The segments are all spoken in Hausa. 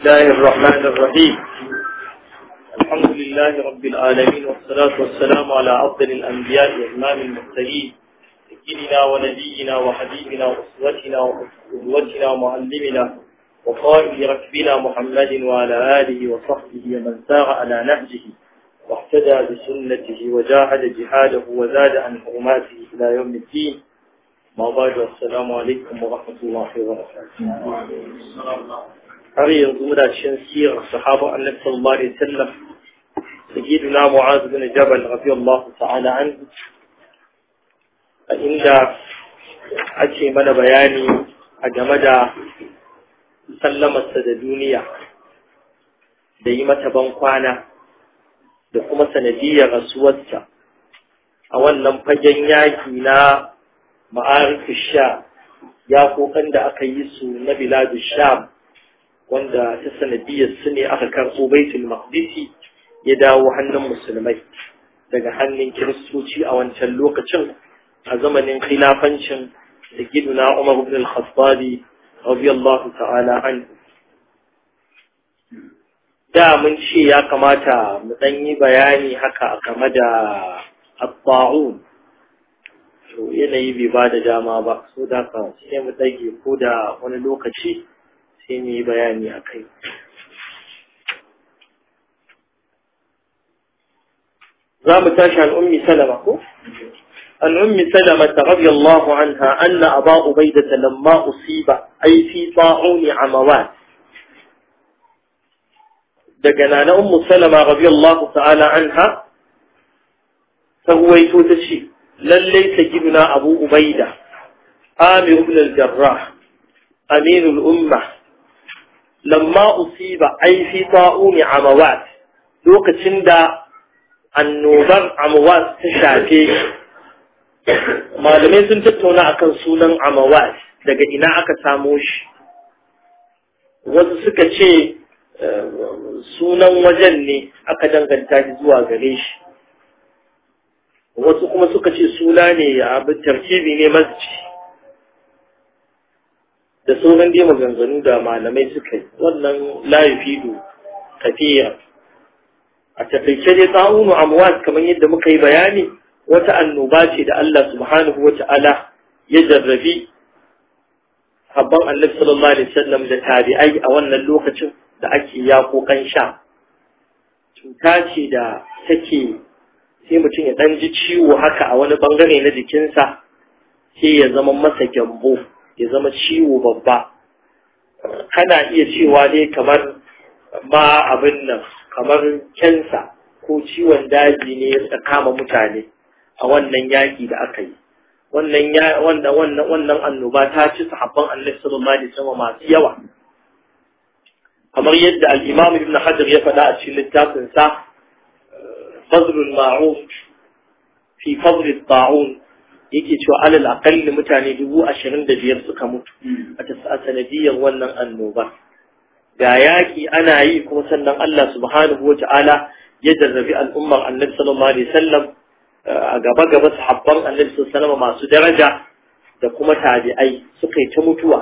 الله الرحمن الرحيم الحمد لله رب العالمين والصلاة والسلام على أفضل الأنبياء وإمام المرسلين سيدنا ونبينا وحبيبنا وأسوتنا وأسوتنا ومعلمنا وقائد ركبنا محمد وعلى آله وصحبه ومن سار على نهجه واحتدى بسنته وجاهد جهاده وزاد عن حرماته إلى يوم الدين ما بعد السلام عليكم ورحمة الله وبركاته har yanzu muna cikin sirar sahaba annabi sallallahu alaihi wasallam sayyidina mu'az bin jabal radiyallahu ta'ala anhu a inda ake mana bayani a game da sallamarsa da duniya da yi mata bankwana da kuma sanadiyar rasuwarsa a wannan fagen yaki na ma'arifin sha yakokan da aka yi su na biladu sham wanda ta sanadiyar su ne aka karɓo baitul maqdisi ya dawo hannun musulmai daga hannun kiristoci a wancan lokacin a zamanin khilafancin da giduna Umar ibn al-Khattabi radiyallahu ta'ala anhu da mun ce ya kamata mu dan yi bayani haka a game da at-ta'un to yanayi bai ba da dama ba so da ka sai mu dage ko da wani lokaci sai yi bayani a kai za mu tashi an ummi salama ko an ummi salama ta rabi Allah anha anna aba ubaida lamma usiba ai fi ta'uni amawat daga nana ummu salama rabi Allah ta'ala anha ta ruwaito ta ce lallai ta giduna abu ubaida amir ibn al-jarrah al ummah lamma usiba ai fi ta'umi amawat lokacin da annobar amawat ta shafe malamai sun tattauna akan sunan amawat daga ina aka samo shi wasu suka ce eh, sunan wajen ne aka danganta shi zuwa gare shi wasu kuma suka ce suna ne abin tarkibi ne masjid da sauran dai maganganu da malamai suka yi wannan layu fido kafiya a takaice dai tsawonu amwat kamar yadda muka yi bayani wata annoba ce da Allah subhanahu wa ta'ala ya jarrabi habban annabi sallallahu alaihi wasallam da tabi'ai a wannan lokacin da ake ya kokan sha cuta ce da take sai mutum ya danji ji ciwo haka a wani bangare na jikinsa sai ya zama masa gyambo ya zama ciwo babba kana iya cewa dai kamar ma abin nan kamar kensa ko ciwon daji ne ya kama mutane a wannan yaƙi da aka yi wannan wannan annoba ta ci sahabban Annabi sallallahu alaihi wasallam masu yawa kamar yadda al-Imam Ibn Hajar ya faɗa a cikin littafin sa Fazlul Ma'ruf fi Fazlul Ta'un yake cewa alal aqalli mutane dubu ashirin da biyar suka mutu a sanadiyar wannan annoba ga yaƙi ana yi kuma sannan Allah subhanahu wa ta'ala ya jarrabi al'ummar annabi sallallahu alaihi wasallam a gaba gaba sahabban annabi sallallahu alaihi wasallam masu daraja da kuma tabi'ai suka yi ta mutuwa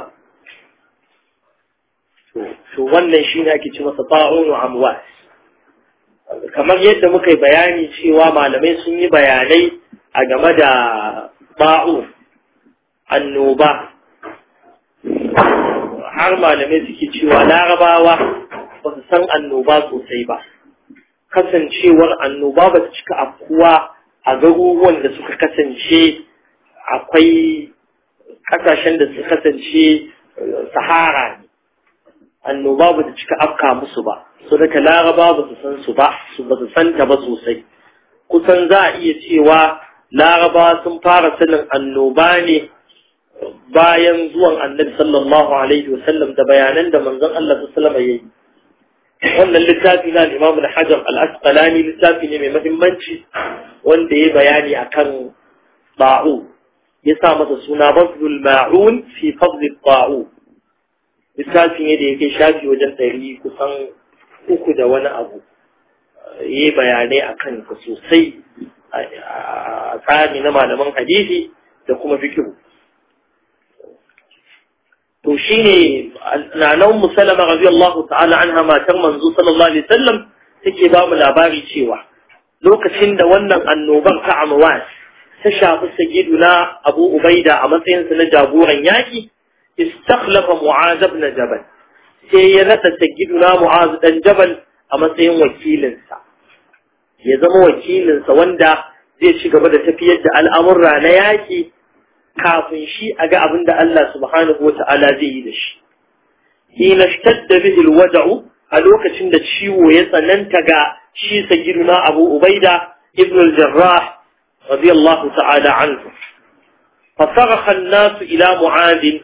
to wannan shine ake cewa masa wa amwas kamar yadda muka yi bayani cewa malamai sun yi bayanai a game da ba'u annoba har malamai suke cewa larabawa ba su san annoba sosai ba kasancewar annoba ba su cika afkuwa a garuruwan da suka kasance akwai kasashen da suka kasance eh, sahara ne annoba ba su cika afka musu ba su daga laraba ba su san su ba su ba su san ta ba sosai kusan za a iya cewa laraba sun fara sanin annoba ne bayan zuwan annabi sallallahu alaihi wasallam da bayanan da manzon Allah sallallahu alaihi wasallam wannan littafi na Imam Al-Hajar Al-Asqalani littafi ne mai muhimmanci wanda ya bayani akan ba'u ya sa masa suna Fadlul Ma'un fi Fadlil Ba'u littafi ne da yake shafi wajen ɗari kusan uku da wani abu ya bayanai akan ka sosai a tsari na malaman hadisi da kuma fikiru. to shi ne nanan musalama radiyallahu ta'ala an matar manzo sallallahu alaihi wasallam take ba mu labari cewa lokacin da wannan annoban ta amwas ta shafi sayyiduna Abu Ubaida a matsayinsa na jagoran yaki istakhlafa Mu'az ibn Jabal sai ya nada sayyiduna Mu'az dan Jabal a matsayin wakilinsa ya zama wakilinsa wanda zai ci gaba da tafiyar da al'amurra na yaki, kafin shi a ga abin da Allah subhanahu wa ta'ala zai yi da shi. Hina shtadda bihil wada'u a lokacin da ciwo ya tsananta ga shi sayyiduna Abu Ubaida ibn al-Jarrah radiyallahu ta'ala anhu. Fasarha nasu ila mu'adin,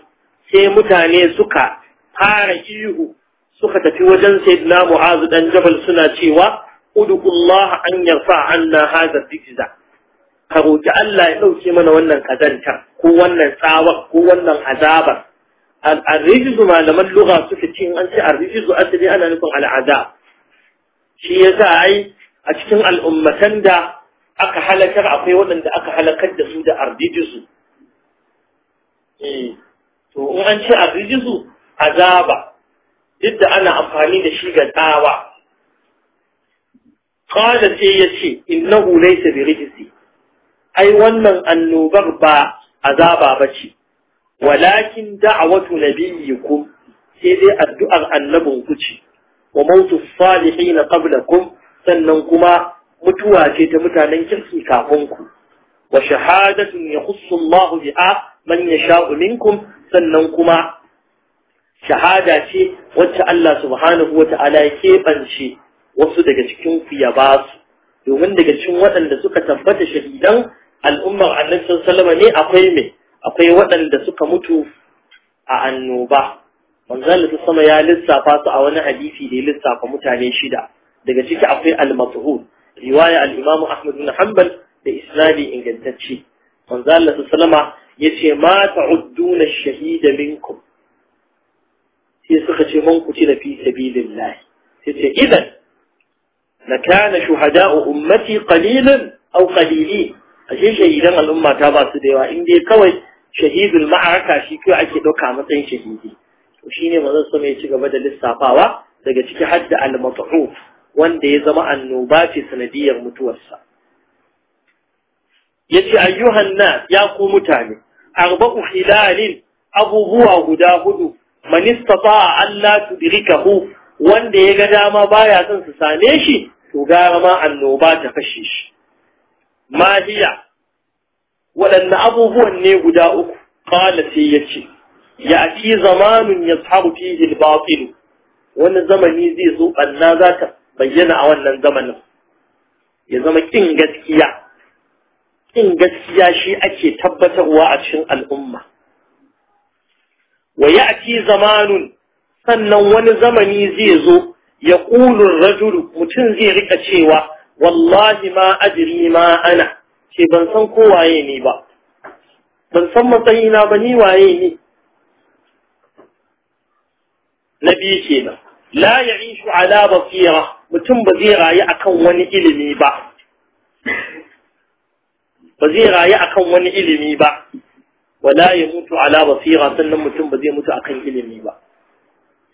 sai mutane suka fara ihu suka tafi wajen sayyidina Mu'adh dan Jabal suna cewa uduku Allah an yarfa anna hadha dijza ka roki Allah ya dauke mana wannan kazantar ko wannan tsawar ko wannan azabar al-rijizu malaman lugha suka ce in an ce al asali ana nufin al-azab shi yasa ai a cikin al'ummatan da aka halakar akwai waɗanda aka halakar da su da ardijisu eh, to in an ce ardijisu azaba duk da ana amfani da shi ga tsawa qala sai yace innahu laysa bi rijsi ai wannan annobar ba azaba bace walakin da'watu nabiyyikum sai dai addu'ar annabin ku ce wa mautu salihin qablakum sannan kuma mutuwa ce ta mutanen kirki kafin ku wa shahadatun yakhussu Allah bi'a man yasha'u minkum sannan kuma shahada ce wacce Allah subhanahu wata'ala ya keɓance wasu daga cikin ku ya ba su domin daga cikin waɗanda suka tabbata shahidan al'ummar annabi sallallahu ne akwai me akwai waɗanda suka mutu a annoba manzon da sama ya lissafa su a wani hadisi da ya lissafa mutane shida daga ciki akwai al riwaya al-imam ahmad bin hanbal da isnadi ingantacce manzon da sallama yace ma ta'udduna ash-shahida minkum sai suka ce mun ku ci da fi sabilillah sai ce idan لكان شهداء أمتي قليلا أو قليلين ashe shahidan al'umma ta ba su da yawa in dai kawai shahidul ma'araka shi kai ake ɗauka matsayin shahidi to shine manzon sama ya ci gaba da lissafawa daga ciki hadda al-mat'uf wanda ya zama annoba ce sanadiyar mutuwarsa yace ayyuhan nas ya ku mutane arba'u hilalin abubuwa guda hudu man istata'a Allah la tudrikahu wanda ya ga dama baya son su same shi to gara ma annoba ta kashe shi mahiya waɗanne abubuwan ne guda uku qala sai yace ya fi zamanun ya fihi al-batil wani zamani zai zo anna za ta bayyana a wannan zamanin ya zama ƙin gaskiya kin gaskiya shi ake tabbatarwa a cikin al'umma wa ya'ti zamanun sannan wani zamani zai zo yaqulu ar-rajulu mutum zai riƙa cewa wallahi ma ajri ma ana ce ban san ko waye ni ba ban san matsayina ba ni waye ni nabi kenan la ya ya'ishu ala basira mutum ba zai rayu akan wani ilimi ba ba zai rayu akan wani ilimi ba wala ya mutu ala basira sannan mutum ba zai mutu akan ilimi ba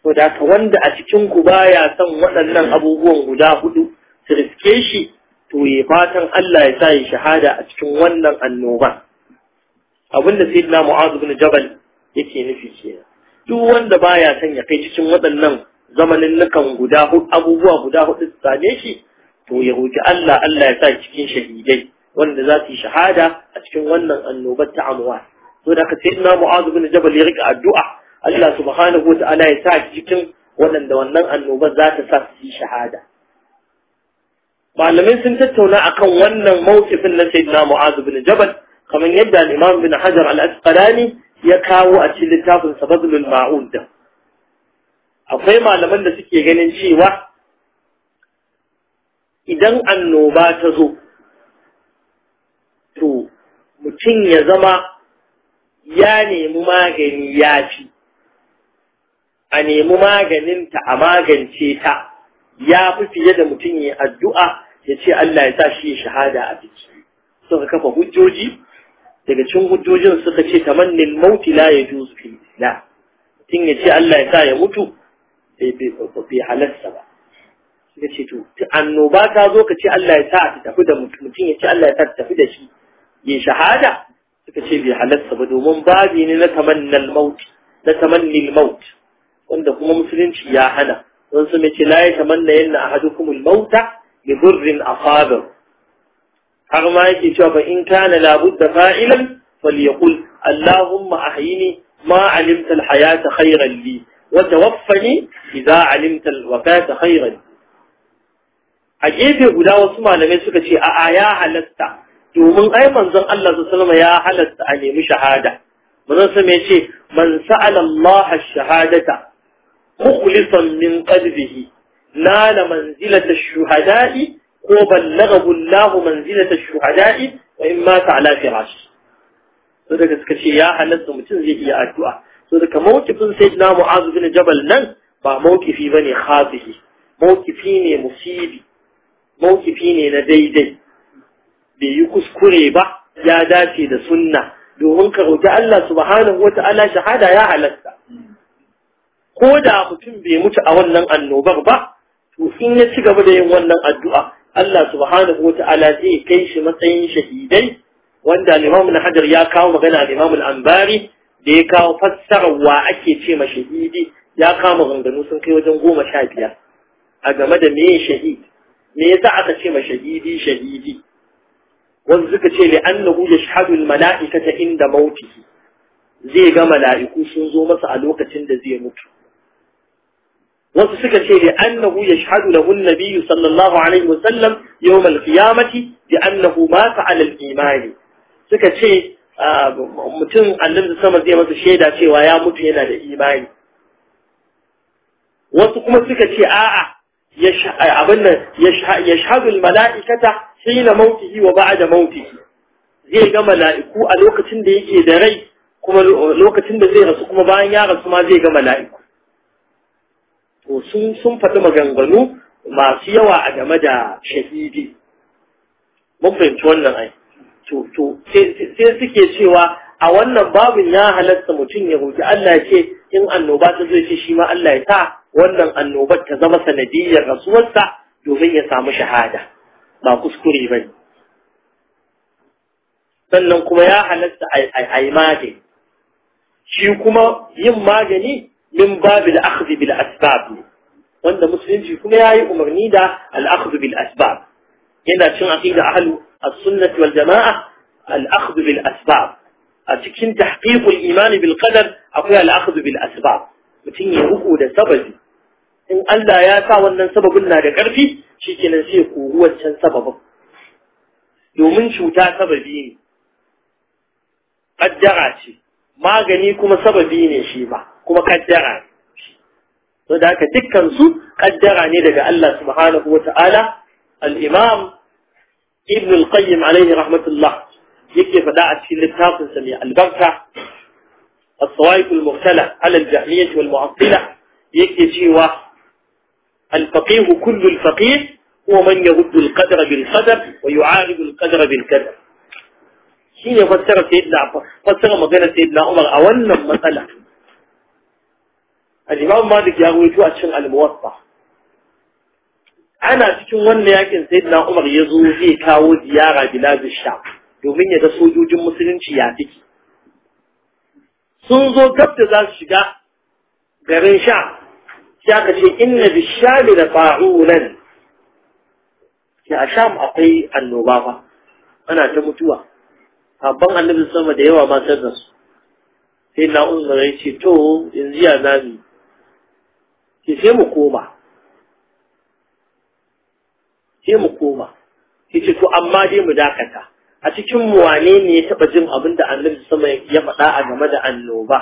to da ka wanda a cikin ku baya son waɗannan abubuwan guda hudu su riske shi to ya fatan Allah ya sa ya shahada a cikin wannan annoba abinda sayyidina Mu'adh bin Jabal yake nufi kenan duk wanda baya son ya kai cikin waɗannan zamanin nukan guda hudu abubuwa guda hudu su same shi to ya roki Allah Allah ya sa cikin shahidai wanda za su yi shahada a cikin wannan annobar ta amwa to da ka sayyidina Mu'adh bin Jabal ya rika addu'a Allah subhanahu wata'ala ya sa cikin waɗanda wannan annoba za ta sa su yi shahada malamai sun tattauna akan wannan mawqifin na sayyidina mu'az bin jabal kamar yadda al bin hajar al-asqalani ya kawo a cikin littafin sababul ma'ud akwai malaman da suke ganin cewa idan annoba ta zo to mutum ya zama ya nemi magani ya fi a nemi maganinta a magance ta ya fi fiye da mutum ya addu'a ya ce Allah ya sa shi ya shahada a ciki suka kafa hujjoji daga cikin hujjojin suka ce tamannin mauti la ya juzu fi la mutum ya ce Allah ya sa ya mutu bai halasta ba suka ce to annoba ta zo ka ce Allah ya sa a tafi da mutum ya ce Allah ya sa ta tafi da shi ya shahada suka ce bai halasta ba domin babi ne na tamannin mauti na tamannin mauti wanda kuma musulunci ya hana don su mace la ya tamanna yanna ahadukum al-mauta li dhurrin asabahu har ma yake cewa fa in kana la budda fa'ilan falyaqul allahumma ahyini ma alimta al-hayata khayran li wa tawaffani idha alimta al-wafata khayran a gefe guda wasu malamai suka ce a ya halatta domin ai manzon Allah sallallahu alaihi ya halatta a nemi shahada manzon sa mai ce man sa'ala Allah ash-shahadata mukhlisan min qalbihi nala manzilata shuhada'i ko ballaghahu Allah manzilata shuhada'i wa in mata ala firash to daga suka ce ya halarta mutum zai iya addu'a to daga mawkifin sayyidina Mu'adh bin Jabal nan ba mawkifi bane khatihi mawkifi ne musibi mawkifi ne na daidai bai yi kuskure ba ya dace da sunna domin ka roki Allah subhanahu wata'ala shahada ya halarta. ko da mutum bai mutu a wannan annobar ba to in ya ci gaba da yin wannan addu'a Allah subhanahu wa ta'ala zai kai shi matsayin shahidai wanda Imam Hajar ya kawo magana da Imam Al-Anbari da ya kawo fassararwa ake ce ma shahidi ya kama ganganu sun kai wajen goma sha biyar a game da me shahid me yasa aka ce ma shahidi shahidi wanda suka ce li annahu yashhadu al mala'ikata inda mautihi zai ga mala'iku sun zo masa a lokacin da zai mutu wasu suka ce li annahu yashhadu lahu an-nabiy sallallahu alaihi wasallam 'yau al-qiyamati bi annahu mata ala al suka ce ah, mutum da sama zai masa shaida cewa ya mutu yana da imani wasu kuma suka ce a'a abin nan mala'ikata, al-mala'ikata hina mautihi wa da mautihi zai ga mala'iku a lokacin da yake da rai kuma lokacin da zai rasu kuma bayan ya rasu ma zai ga mala'iku to sun sun faɗi maganganu masu yawa a game da shahidi mun fahimci wannan ai to to sai suke cewa a wannan babin ya halatta mutum ya roki Allah ya ce in annoba ta zai ce shi ma Allah ya sa wannan annobar ta zama sanadiyar rasuwarsa domin ya samu shahada ba kuskure ba sannan kuma ya halatta a yi magani shi kuma yin magani من باب الأخذ بالأسباب وأن مسلم في كل يأي أمرني دا الأخذ بالأسباب هنا شن عقيدة أهل السنة والجماعة الأخذ بالأسباب أتكين تحقيق الإيمان بالقدر أقول الأخذ بالأسباب متيني هو ده سبب إن ألا ياسع وأن سبب النار كرفي شيء نسيه هو شن سبب يومين شو تا سببين قد جعتي ما جنيكم سببين يا شيبة kuma kaddara to da haka dukkan su kaddara ne daga Allah subhanahu wata'ala al-imam ibn al-qayyim alayhi rahmatullah yake fada a cikin littafin sa mai albarka kullu al-faqih huwa man يكتشيوا al-qadra bil هو wa يرد al-qadra bil القدر shine fassara فسر fassara magana مغنى umar a wannan مسألة al-imam malik ya a cikin al ana cikin wannan yakin sayyidina umar ya zo zai kawo ziyara bilad sha domin ya ga sojojin musulunci ya take sun zo gab da za su shiga garin sha sai aka ce inna bishami da fa'ulan ya a sham akwai annoba fa ana ta mutuwa abban annabin sama da yawa ma sai da su sai na umar ya ce to yanzu ya zami Ki sai mu koma sai mu koma ce to amma dai mu dakata a cikin mu wane ne ya taba jin abin da annabi sama ya faɗa a game da annoba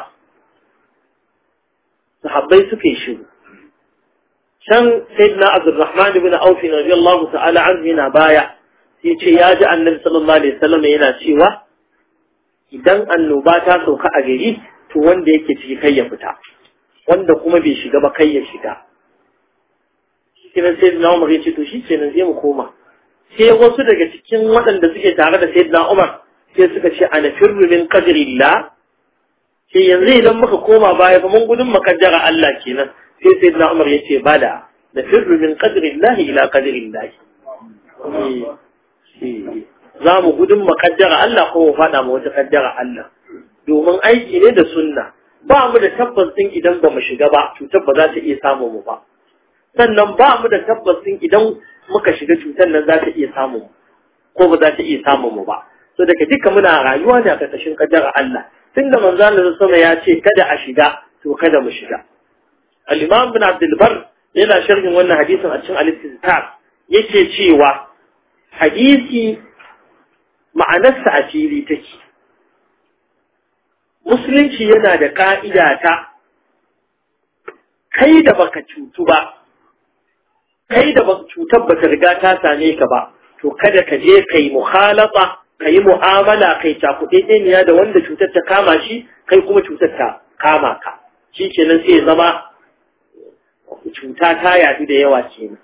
sahabbai suka yi shiru can sayyidina abdurrahman ibn auf radiyallahu ta'ala anhu yana baya sai ce ya ji annabi sallallahu alaihi wasallam yana cewa idan annoba ta sauka a gari to wanda yake ciki kai ya fita wanda kuma bai shiga ba kai ya shiga kenan sai na umar ya ce to shi kenan zai mu koma sai wasu daga cikin waɗanda suke tare da sayyidina umar sai suka ce ana firru min qadrillah sai yanzu idan muka koma baya fa mun gudun makaddara Allah kenan sai sayyidina umar ya ce bala na firru min qadrillah ila qadrillah za mu gudun makaddara Allah ko mu faɗa ma wata kaddara Allah domin aiki ne da sunna ba mu da tabbas din idan ba mu shiga ba cutar ba za ta iya samu mu ba sannan ba mu da tabbas din idan muka shiga cutar nan za ta iya samu mu ko ba za ta iya samu mu ba so daga duka muna rayuwa ne a ƙarƙashin ƙaddarar Allah tunda manzo Allah sama ya ce kada a shiga to kada mu shiga al-imam ibn al bar yana sharhin wannan hadisin a cikin al yake cewa hadisi ma'anarsa a fili take musulunci yana da ka'ida ta kai da baka cutu ba kai da baka cutar ta riga ta same ka ba to kada ka je kai muhalafa kai mu'amala kai ta cakuɗeɗeniya da wanda cutar ta kama shi kai kuma cutar ta kama ka shi kenan sai zama cuta ta yaɗu da yawa kenan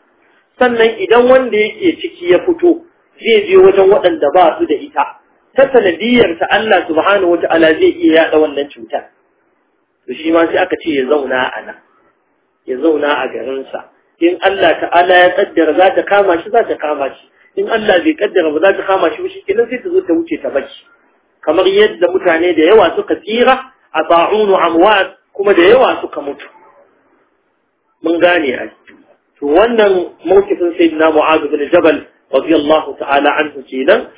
sannan idan wanda yake ciki ya fito zai je wajen waɗanda ba su da ita ta sanadiyarsa Allah subhanahu wa ta'ala zai iya yada wannan cutar to shi ma sai aka ce ya zauna a nan ya zauna a garinsa in Allah ta'ala ya kaddara za ta kama shi za ta kama shi in Allah bai kaddara ba za ta kama shi ba shi kenan sai ta zo ta wuce ta bashi kamar yadda mutane da yawa suka tsira a ba'unu amwat kuma da yawa suka mutu mun gane a to wannan mawkifin sayyidina mu'adh bin jabal radiyallahu ta'ala anhu kenan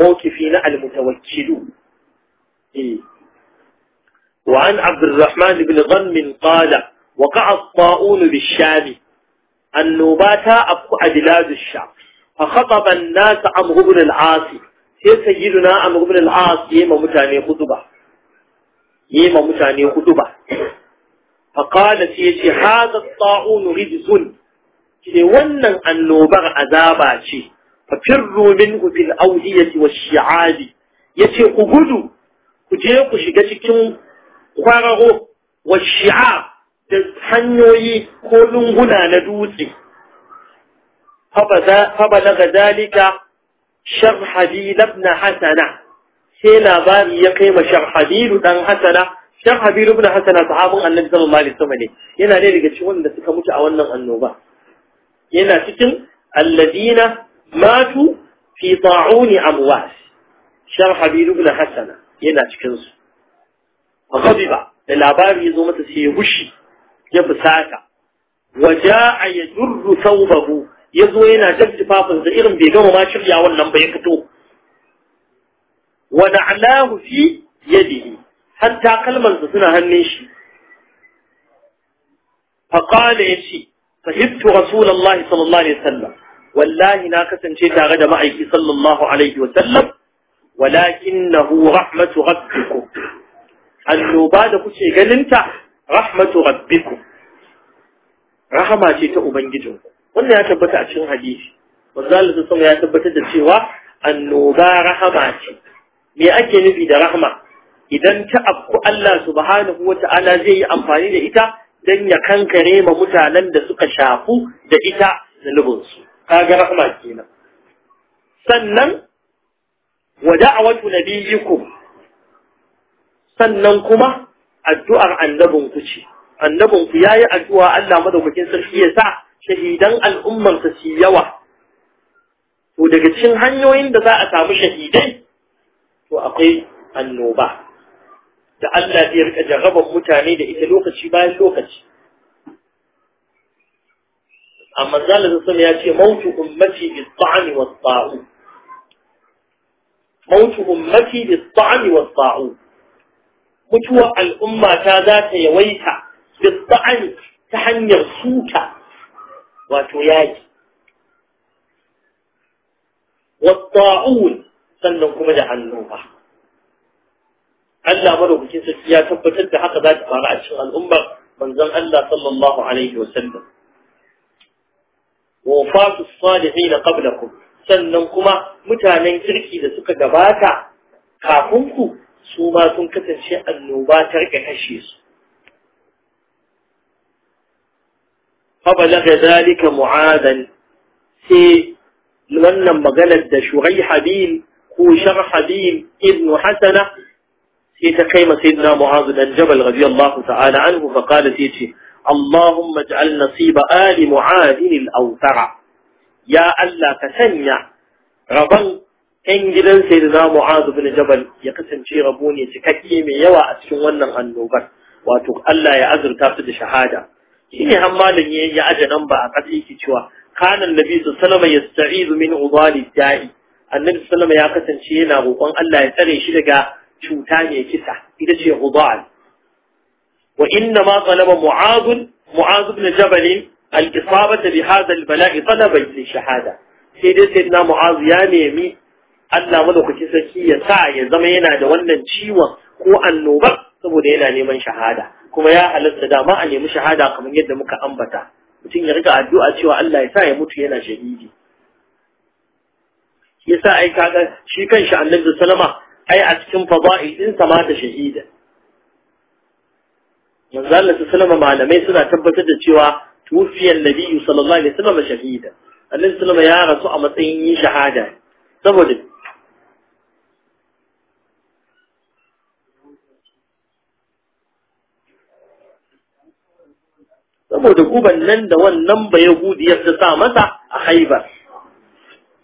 موقفين المتوكلون إيه. وعن عبد الرحمن بن ضم قال وقع الطاؤون بالشام النوباتا أبقى بلاد الشام فخطب الناس عمه بن العاصي هي سيدنا عمه بن العاصي يما متاني خطبة يما متاني خطبة فقال سيدي هذا الطاؤون رجس لونن النوبة عذاباتي fafirru minhu fil awdiyati wash-shi'abi yace ku gudu ku je ku shiga cikin kwararo wash-shi'ab da hanyoyi ko lunguna na dutse fa balaga zalika sharhabil ibn hasana sai labari ya kai ma sharhabil dan hasana sharhabil ibn hasana sahabin annabi sallallahu alaihi wasallam ne yana ne daga cikin da suka mutu a wannan annoba yana cikin alladina matu fi ta'uni amwas shar habibu ibn hasana yana cikin su ghadiba da labari ya zo masa sai ya gushi, ya fusata waja'a yajurru thawbahu yazo yana jajjifafin sa irin bai gama ma shirya wannan ba ya fito wa da'alahu fi yadihi hatta kalman sa suna hannun shi fa qala yace fahimtu rasulullahi sallallahu alaihi wasallam wallahi na kasance tare da ma'aiki sallallahu alaihi wasallam walakinnahu rahmatu rabbikum annoba da kuke ganinta rahmatu rabbikum rahama ce ta ubangijinku wannan ya tabbata a cikin hadisi manzo Allah ya tabbatar da cewa annoba rahama ce me ake nufi da rahama idan ta afku Allah subhanahu Ta'ala zai yi amfani da ita dan ya kankare ma mutanen da suka shafu da ita zunubinsu kaga rahma kenan sannan wa da'watu nabiyikum sannan kuma addu'ar annabin ku ce annabin ku yayi addu'a Allah madaukakin sarki ya sa shahidan al'umman ta yawa to daga cikin hanyoyin da za a samu shahidai to akwai annoba da Allah zai rika jarraban mutane da ita lokaci bayan lokaci أما الزالة الإسلام يأتي موت أمتي بالطعن والطاعون موت أمتي بالطعن والطاعون متوى الأمة كذات يويتا بالطعن تحن يرسوكا وتياج والطاعون سننكم جعل نوبة ألا مروا بكيسة يا تبتل بحق ذات فارعش الأمة من ذن ألا صلى الله عليه وسلم وفاة الصالحين قبلكم سننكما متانين كركي لسك دباتا كافنكو سوماتون كتنشي النوبات كهشيس فبلغ ذلك معاذا سي لمن مغلد دشغي حبيل كوشر حبيل ابن حسنة سيتقيم سيدنا معاذ بن جبل رضي الله تعالى عنه فقال سيتي اللهم اجعل نصيب آل معاد الأوثر يا الله كسنيا ربن إن جدن سيدنا معاذ بن جبل يقسم شي ربوني تككي من يوى أسكن ونن النوبة واتوك الله يا أزر تافد شهادة شيني همال يا أجا نمبا أقسيكي شوى كان النبي صلى الله عليه وسلم يستعيذ من عضال الداعي annabi sallama ya kasance yana roƙon Allah ya tsare shi daga cuta mai kisa ita ce hudal ma mu'azu وإنما طلب معاذ معاذ بن جبل الإصابة بهذا shahada. Sai dai سيدي na mu'azu ya nemi Allah madaukaki sarki ya sa ya zama yana da wannan ciwon ko annobar saboda yana neman shahada kuma ya halatta dama a nemi shahada kamar yadda muka ambata mutum ya rika addu'a cewa Allah ya sa ya mutu yana shahidi yasa ai kaga shi kanshi Annabi sallama ai a cikin fada'i din sa mata shahida manzo Allah sallallahu malamai suna tabbatar da cewa tufiyar Nabiyu sallallahu alaihi wasallam shahida annabi sallallahu ya rasu a matsayin yin shahada saboda saboda guban nan da wannan ba yahudiyar ya sa masa a haibar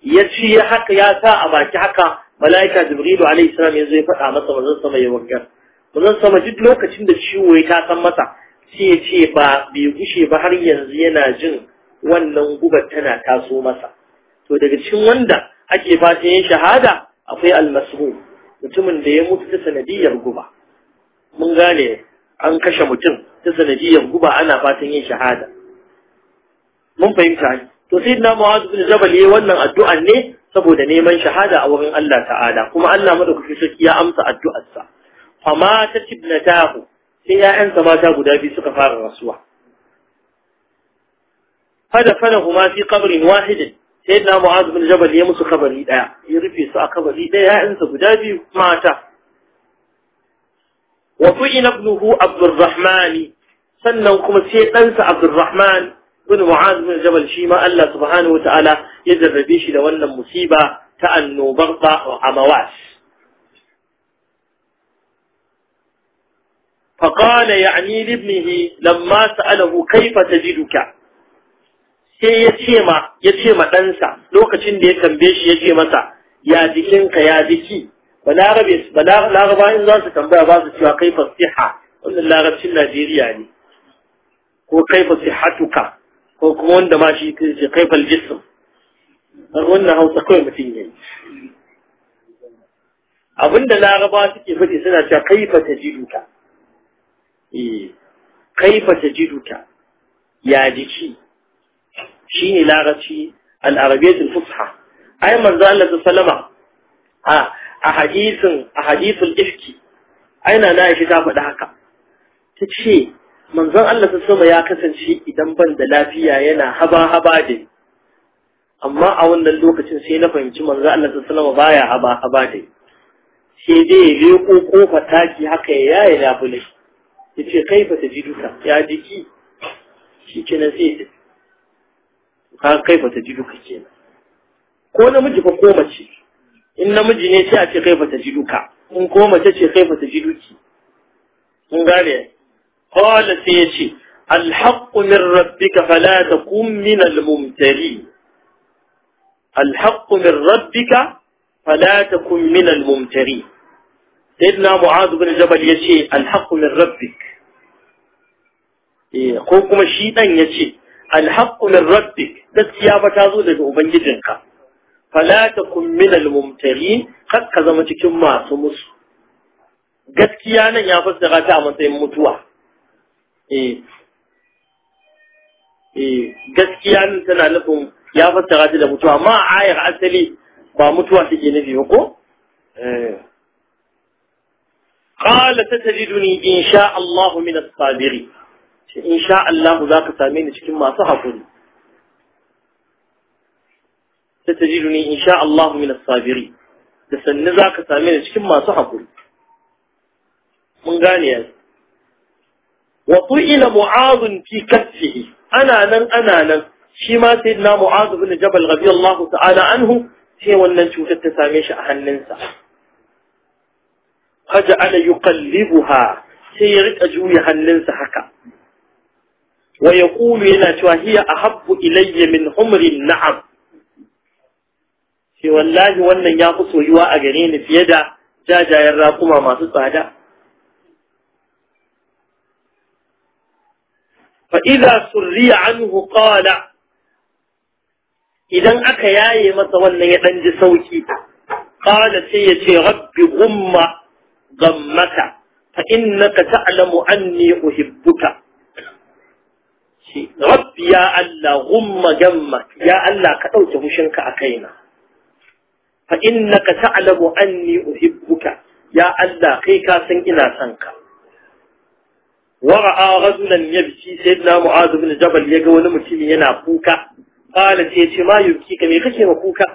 ya ci ya haka ya sa a baki haka mala'ika jibrilu alaihi salam yanzu ya faɗa masa manzon sama ya wakar. zan sama duk lokacin da ciwo ya tasan masa sai ya ce ba bai gushe ba har yanzu yana jin wannan gubar tana taso masa to daga cikin wanda ake fatan yin shahada akwai almasu mutumin da ya mutu ta sanadiyar guba mun gane an kashe mutum ta sanadiyar guba ana fatan yin shahada mun fahimta to sai na mu'azu bin jabal yayi wannan addu'an ne saboda neman shahada a wurin Allah ta'ala kuma Allah madaukaki sarki ya amsa addu'arsa فماتت ابنتاه هي يانتا ماتا غدا بي suka fara rasuwa فدفنهما في قبر واحد سيدنا معاذ بن جبل يمس قبري داي يرفي سو قبري داي يانتا غدا بي ماتا وفين ابنه عبد الرحمن سنن كما سي عبد الرحمن بن معاذ بن جبل شيما الله سبحانه وتعالى يدربيشي da ان musiba ta annobar ba amawas فقال يعني لابنه لما سأله كيف تجدك sai ya ce ma ya ce ma ɗansa lokacin da ya tambaye shi ya ce masa ya jikinka ya jiki balarabe laraba in za su tambaya ba su cewa kai fasiha wannan larabcin Najeriya ne ko kai fasihatuka ko kuma wanda ma shi ce kai faljism wannan Hausa kawai mutum yayi abinda laraba suke faɗi suna cewa kai fa tajiduka Eh, kaifata jiduta ya jiki shine larabci al-arabiyyatul fusha ai manzo Allah a a hadisin a hadisul ifki aina na shi ta faɗi haka ta ce manzon Allah sallama ya kasance idan ban da lafiya yana haba haba da amma a wannan lokacin sai na fahimci manzo Allah sallama baya haba haba da sai dai ya leko kofa taki haka ya yaye labule ya ce kai ba ta ji duka ya jiki shi kenan sai ya ka kai ba ta ji duka kenan ko namiji fa ko mace in namiji ne sai a ce kai ba ta ji duka in ko mace ce kai ba ta ji duki mun gane qala sai ya ce الحق من ربك فلا تكن من الممترين الحق من ربك فلا تكن من الممترين sayyidina mu'az bin jabal yace alhaqu min rabbik eh, ko kuma shi dan yace alhaqu min rabbik gaskiya ba ta zo daga ubangijinka fala takun min almumtarin kar ka zama cikin masu musu gaskiya nan ya fassara ta a matsayin mutuwa eh, eh, gaskiya nan tana nufin ya fassara ta da mutuwa amma a ayar asali ba mutuwa take nufi ba ko qala satajiduni insha Allah min as-sabiri insha Allah za ka same ni cikin masu hakuri satajiduni insha Allah min as-sabiri da sanne za ka same ni cikin masu hakuri mun gane yanzu wa tu'ila mu'adun fi kaffihi ana nan ana nan shi ma sayyidina mu'adh ibn jabal radiyallahu ta'ala anhu sai wannan cutar ta same shi a hannunsa فجعل يقلبها سيرت أجويها لنس حكا ويقول إلى هي أحب إلي من عمر النعم في والله وأن يقص وجواء جرين في يدا جا جا يراقما ما تصعد فإذا سري عنه قال إذا أكياي مثلا يتنجي سوكي قال سيتي ربي غمّ gammaka fa innaka ta'lamu anni uhibbuka rabbi ya Allah gumma gammak ya Allah ka dauke hushinka a kaina fa innaka ta'lamu anni uhibbuka ya Allah kai ka san ina son ka wara'a rajulan yabki sayyidina mu'az ibn ya ga wani mutum yana kuka Fala sai ce ma yuki me kake kuka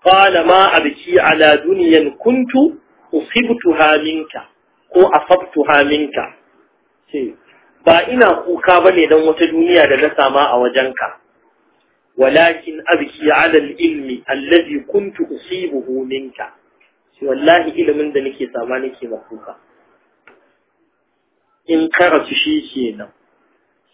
Fala ma abki ala dunyan kuntu usibtuha minka ko asabtuha minka ce ba ina kuka bane dan wata duniya da na sama a wajenka walakin abki ala ilmi allazi kuntu usibuhu minka ce wallahi ilimin da nake sama nake ba kuka in karatu shi kenan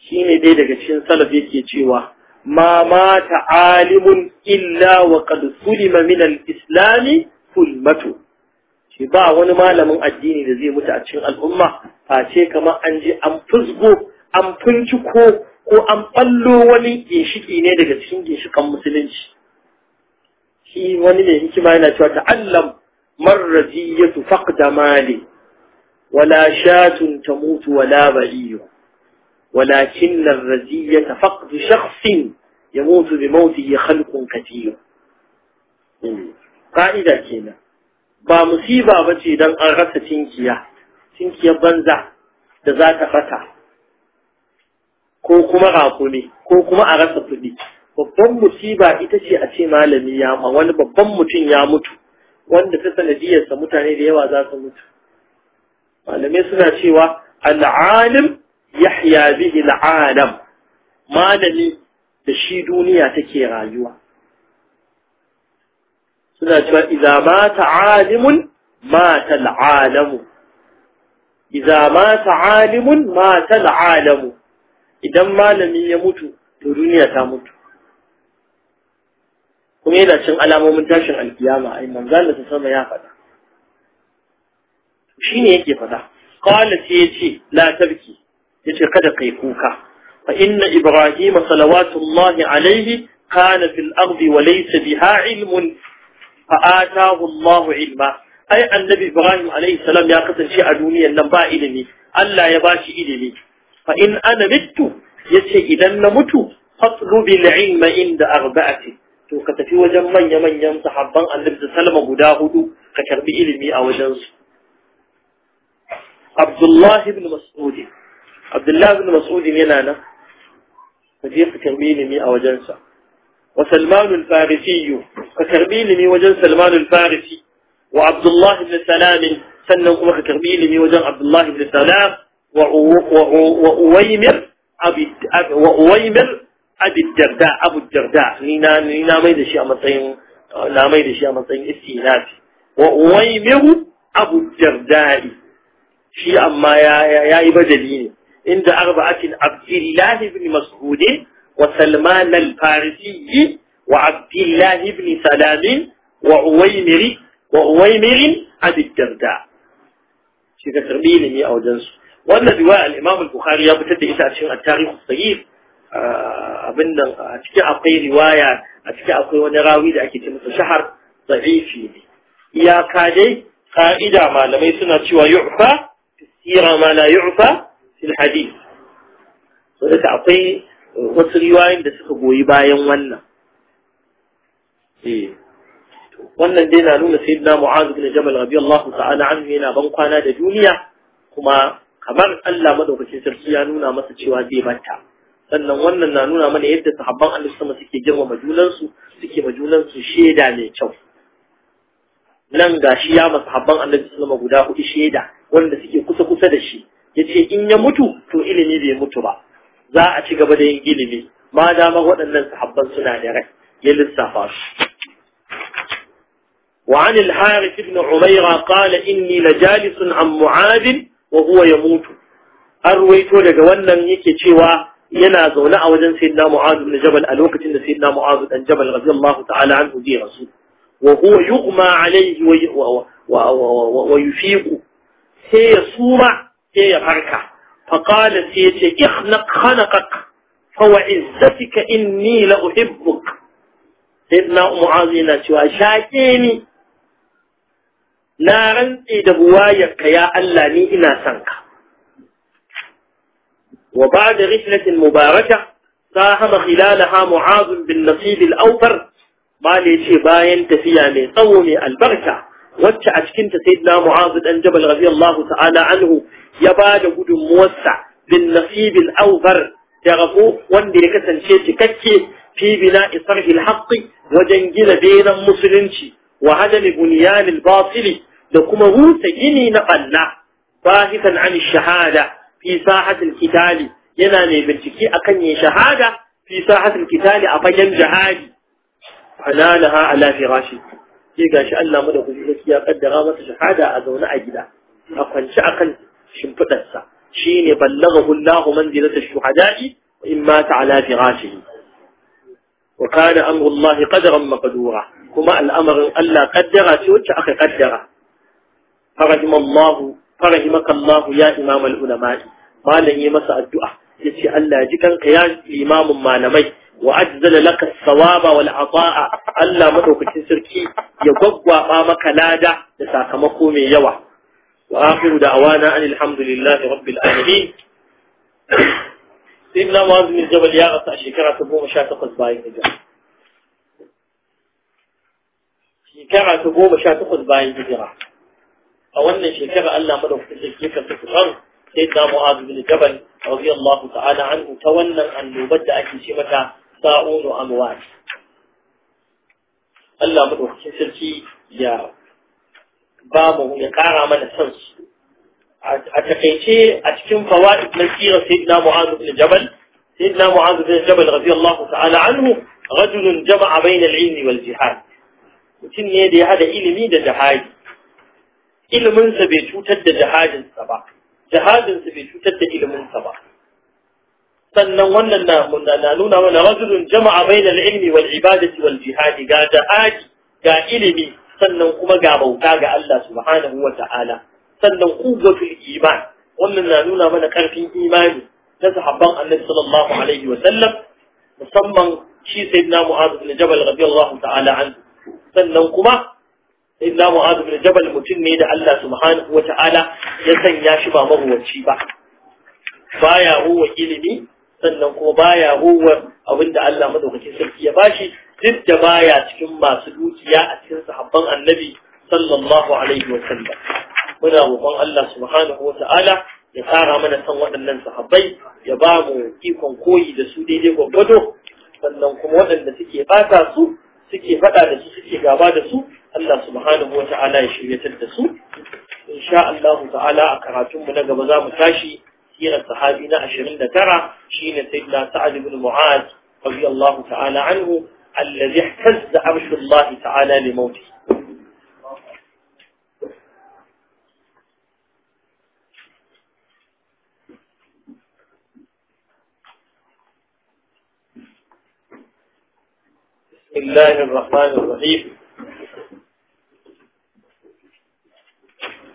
shine dai daga cikin salaf yake cewa Mama مات عالم إلا وقد سلم من الإسلام سلمته shi ba wani malamin addini da zai mutu a cikin al'umma fa ce kamar an je an fusgo an finciko ko ko an ballo wani ginshiki ne daga cikin ginshikan musulunci shi wani mai hikima yana cewa ta'allam marraziyatu faqda mali wala shatun tamutu wala baliyu ولكن الرزية فقد شخص يموت بموته خلق كثير قاعدة كده ba musiba ba ce don an rasa cinkiyar banza da za ta fata ko kuma rakumi ko kuma a rasa kuɗi babban musiba ita ce a ce malami ya ma wani babban mutum ya mutu wanda ta sanadiyarsa mutane da yawa za su mutu malamai suna cewa al'alim yahya bihi al'alam malami da shi duniya take rayuwa suna cewa idza mata alimun mata al'alamu idza mata alimun mata al'alamu idan malami ya mutu to duniya ta mutu kuma yana cin alamomin tashin alkiyama ai manzon ta sama ya faɗa ne yake faɗa qala sai yace la tabki yace kada kai kuka fa inna ibrahima salawatullahi alaihi kana fil ardi wa laysa biha ilmun fa atahu Allahu ilma ai annabi Ibrahim alaihi salam ya kasance a duniyar nan ba ilimi Allah ya bashi ilimi fa in ana mitu yace idan na mutu fatlubil ilma inda arba'ati to ka tafi wajen manya-manyan sahabban annabi salama guda hudu ka karbi ilimi a wajensu abdullahi ibn mas'udi abdullahi ibn mas'udi yana nan ka je ka karbi ilimi a wajensa وسلمان الفارسي كتربي لمي وجن سلمان الفارسي وعبد الله بن سلام سنن كما كتربي لمي وجن عبد الله بن سلام وأويمر أبي وأويمر أبي الدرداء أبو الدرداء لنا لنا ما يدشي أمطين لا ما يدشي أمطين استئنافي وأويمر أبو الدرداء شيء أما يا يا يا عند أربعة عبد الله بن مسعود وسلمان الفارسي وعبد الله بن سلام وعويمر وعويمر أبي الدرداء شيء تربيل مي أو جنس والنبي الإمام البخاري يبتدي إذا أشير التاريخ الصغير آه، أبنا أتكي أقي رواية أتكي أقي ونراوي ذلك المتشهر ضعيف يا كادي قائدة ما لم يسنى سوى يعفى سيرة ما لا يعفى في الحديث فلت أعطيه wasu riwayoyin da suka goyi bayan wannan eh. wannan dai na nuna sayyidina mu'az bin jabal Allah ta'ala an yana ban kwana da duniya kuma kamar Allah madaukakin sarki ya nuna masa cewa zai bata sannan wannan na nuna mana yadda sahabban Allah sama suke girmama junansu suke ma shaida mai kyau nan gashi ya masa sahabban Allah sama guda hudu shaida wanda suke kusa kusa da shi ya ce in ya mutu to ilimi bai mutu ba za a ci gaba da yin ilimi ma dama waɗannan sahabban suna da rai ya lissafa su وعن الحارث بن عمير قال إني لجالس عن معاذ وهو يموت أرويت لك وانا يكي yana zaune a wajen sayyidina Mu'adh ibn Jabal a lokacin da sayyidina Mu'adh dan Jabal radiyallahu ta'ala anhu ji rasu wa huwa yughma alayhi wa wa wa yufiqu sai ya suma sai ya farka فقال سيتي اخنق خنقك فو عزتك اني لأحبك سيدنا معاذنا سوى شاكيني نارن دبوايك يا الله ني انا سنك وبعد رحلة مباركة ساهم خلالها معاذ بالنصيب الأوفر بالي شي باين تفيا مي طومي البركة واتش اشكنت سيدنا معاذ بن جبل رضي الله تعالى عنه ya ba da gudunmuwarsa bin nasibin aubar da rabo wanda ya kasance cikakke fi bina isar haqqi wajen gina benen musulunci wa hadami bunyanil batili da kuma rusa gini na banna bahisan an shahada fi sahatil kitali yana mai bincike akan yin shahada fi sahatil kitali a fagen jihadi fanalaha ala firashi sai gashi Allah mu da kuzi ya kaddara masa shahada a zaune a gida a kwance akan شمفتسا شين بلغه الله منزلة الشهداء وإن مات على فراشه وكان أمر الله قدرا مقدورا كما الأمر ألا قدر سوت أخي قدر فرحم الله فرحمك الله يا إمام العلماء ما لن يمسع الدعاء يسي ألا جكن قيان إمام ما نمي وأجزل لك الصواب والعطاء ألا مدوك تسركي يقوى ما مكلادة لساك مقومي يوح وآخر دعوانا أن الحمد لله رب العالمين سيدنا معاذ بن الجبل يا غطاء شكرا تبو مشاتق الزباين هجا شكرا تبو مشاتق الزباين هجرا أولا شكرا ألا ملوك تجيك تفخر سيدنا معاذ بن الجبل رضي الله تعالى عنه تولى أن يبدأ كسمة ساعون أموات Allah maɗaukacin sarki ya ba mu ya kara mana son su a takaice a cikin fawaid na sirar sayyidina mu'adh bin jabal sayyidina mu'adh bin jabal radiyallahu ta'ala anhu rajulun jama'a bayna al-ilmi wal mutum ne da ya hada ilimi da jihadi iliminsa bai cutar da jihadinsa ba jihadinsa bai cutar da iliminsa ba sannan wannan na na nuna mana rajulun jama'a bainal ilmi wal ibadati wal jihadi ga jihadi ga ilimi sannan kuma ga bauta ga Allah subhanahu wa ta'ala sannan kuma quwwatul iman wannan na nuna mana karfin imani na sahabban Annabi sallallahu alaihi wa sallam musamman shi sayyidina Mu'adh bin Jabal radiyallahu ta'ala anhu sannan kuma sayyidina Mu'adh bin Jabal mutum ne da Allah subhanahu wa ta'ala ya sanya shi ba mahuwanci ba baya ruwa ilimi sannan kuma baya ruwa abinda Allah madaukakin sarki ya bashi duk da baya cikin masu dukiya a cikin sahabban annabi sallallahu alaihi wa sallam muna roƙon Allah subhanahu wa ta'ala ya tsara mana san waɗannan sahabbai ya ba mu ikon koyi da su daidai gwaggwado sannan kuma waɗanda suke ɓata su suke faɗa da su suke gaba da su Allah subhanahu wa ta'ala ya shiryatar da su insha Allah ta'ala a karatunmu na gaba za mu tashi sirar sahabi na 29 shine sayyidina sa'ad ibn mu'az radiyallahu ta'ala anhu الذي احتز عرش الله تعالى لموته بسم الله الرحمن الرحيم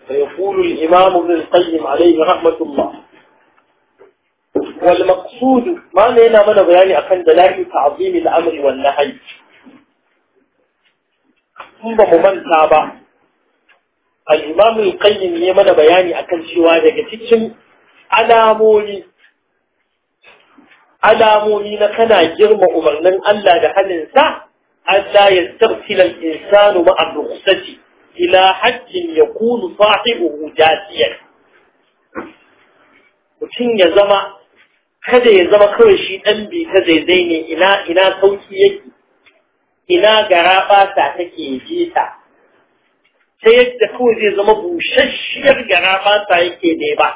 فيقول الإمام ابن القيم عليه رحمة الله wal maqsud mana yana mana bayani akan dalail ta'zim al-amri wan nahy in ba manta ba al-imam al-qayyim mana bayani akan cewa daga cikin alamomi alamomi na kana girma umarnin Allah da halinsa ألا يستغفل الإنسان مع الرخصة إلى حد يكون صاحبه جاسيا mutum ya zama kada ya zama kawai shi ɗan bi ta zaizai ne ina ina sauki yake ina gara ta take jita ta yadda kawai zai zama busasshiyar gara ta yake ne ba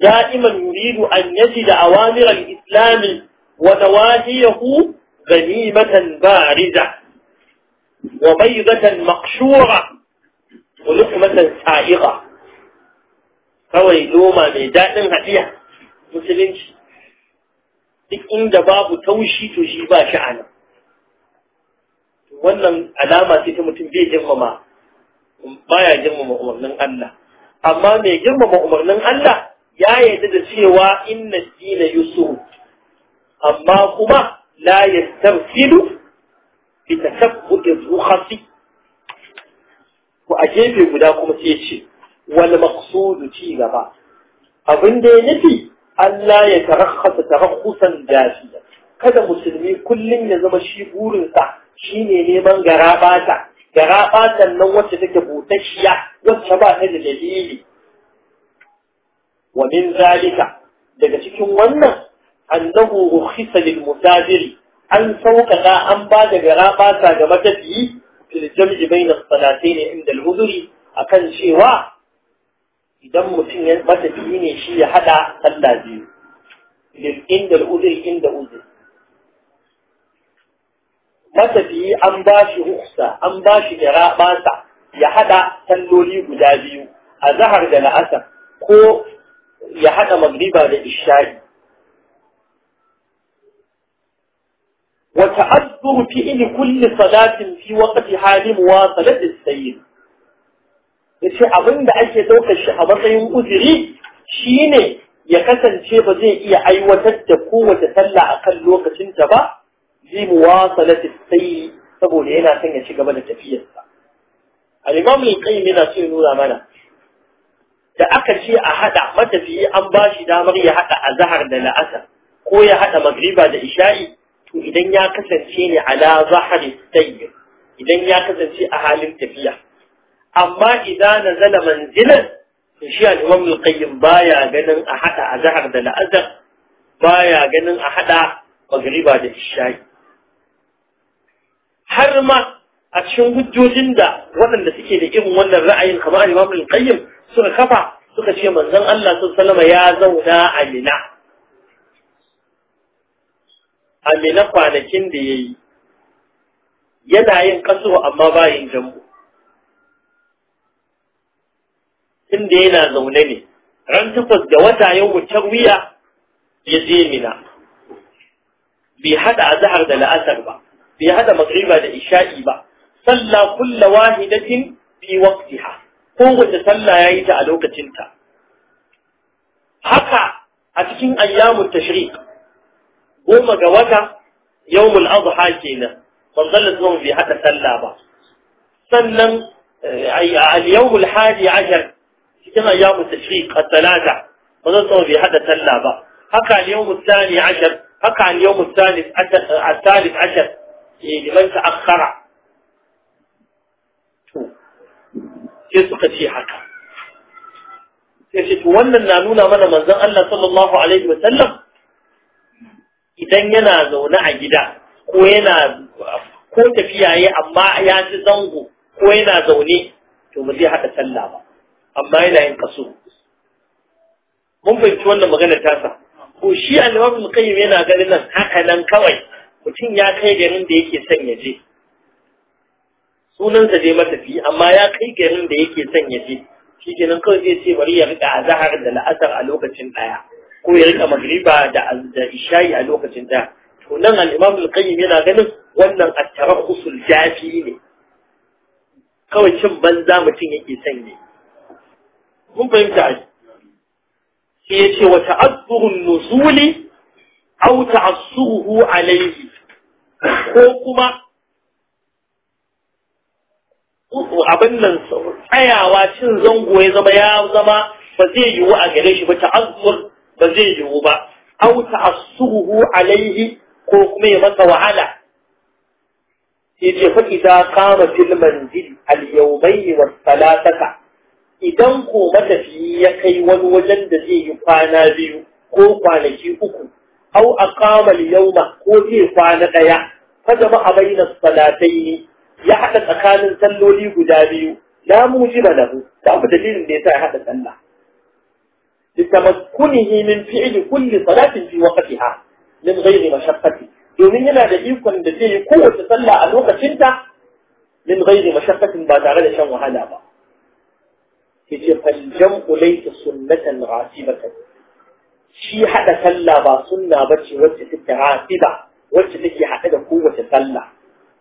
da'iman yuridu an yaji da awamir islami wa nawahiyahu ganimatan barida, wa baydatan maqshura wa lukmatan sa'iqa kawai noma mai daɗin hadiya musulunci duk inda babu taushi to shi ba sha'ana wannan alama ce ta mutum bai girmama baya girmama umarnin Allah amma mai girmama umarnin Allah ya yarda da cewa inna dina yusuf amma kuma la yastarfidu bi tasabbu'i rukhasi ko a gefe guda kuma sai ce wal maqsudu ci gaba abin da ya nufi Allah ya tarakhasa tarakhusan jashiya kada musulmi kullum ya zama shi burinsa shine neman garabata garabatan nan wacce take butaciya wacce ba ta da dalili wa min zalika daga cikin wannan annahu rukhisa lil musafiri an sauƙaƙa an ba da garabata ga matafiyi fil jam'i bayna as-salatayn inda al-huduri akan cewa idan mutum ya biyu ne shi ya haɗa sallah biyu lil da uzur inda uzur biyu an ba shi ruksa an ba shi irabansa ya haɗa salloli guda biyu a zahar da la'asar ko ya haɗa magriba da isha'i وتعذر فعل كل صلاة في وقت حال مواصلة السير ya ce abin da ake ɗaukar shi a matsayin uzuri shine ya kasance ba zai iya aiwatar da kowace sallah a kan lokacinta ba zai muwasalati sai saboda yana son ya ci gaba da tafiyarsa al-imam al yana so nuna mana da aka ce a haɗa matafiyi an ba shi damar ya a zahar da la'asar ko ya haɗa magriba da isha'i to idan ya kasance ne ala zahari sayyi idan ya kasance a halin tafiya amma idan nazala manzilan to shi al-imam baya ganin a hada azhar da la'azar baya ganin a hada magriba da isha'i har ma a cikin hujjojin da waɗanda suke da irin wannan ra'ayin kamar al-imam suka kafa suka ce manzon Allah sallallahu alaihi ya zauna a Mina a Mina kwanakin da yayi yana yin kaso amma ba yin jambo inda yana zaune ne ran takwas ga wata yau wutar wuya ya je mina bai hada azhar da la'asar ba bai hada magriba da isha'i ba salla kulla wahidatin bi waqtiha ko wata salla yayi ta a lokacin ta haka a cikin ayyamut tashriq goma ga wata yawmul adha kenan manzon zuwa bai hada salla ba sannan al-yawmul hadi ashar cikin ayyamu tashriq as-salata ba zan tsawo bai hada talla ba haka ne yau mutane thani ashar haka ne yau mutane thalith ashar ath liman ashar eh, liman ta'akhkhara to sai suka ce haka sai ce to wannan na nuna mana manzon Allah sallallahu alaihi wa sallam idan yana zaune a gida ko yana ko tafiya yayi amma ya ji zango ko yana zaune to ba zai hada sallah ba amma yana yin kaso mun fahimci wannan magana tasa ko shi annabi mu kai yana ganin nan haka nan kawai mutum ya kai garin da yake son ya je sunansa dai matafi amma ya kai garin da yake son ya je shi kenan kawai zai ce bari ya rika azhar da la'asar a lokacin daya ko ya rika magriba da da isha'i a lokacin daya to nan al-imam al-qayyim yana ganin wannan at-tarakhusul jafi ne kawai cin banza mutum yake son ya mun fahimta ai sai yace wa ta'azzurun nuzuli aw ta'assuhu alayhi ko kuma ko abin nan tsayawa cin zango ya zama ya zama ba zai yiwu a gare shi ba ta'azzur ba zai yiwu ba aw ta'assuhu alayhi ko kuma ya masa wahala yace fa idza qama fil manzil al yawmayni was salatata idan ko matafi ya kai wani wajen da zai yi kwana biyu ko kwanaki uku au aqama al-yawma ko zai kwana daya fa jama'a baina salataini ya hada tsakanin salloli guda biyu la mujiba lahu da abu dalilin da yasa ya hada sallah litamakkunihi min fi'li kulli salatin fi waqtiha min ghairi mashaqqati domin yana da ikon da zai yi kowace sallah a lokacinta min ghairi mashaqatin ba tare da shan wahala ba yace fal jam'u laysa sunnatan ghasibatan shi hada sallah ba sunna bace wacce take ghasiba wacce take hada da kowace sallah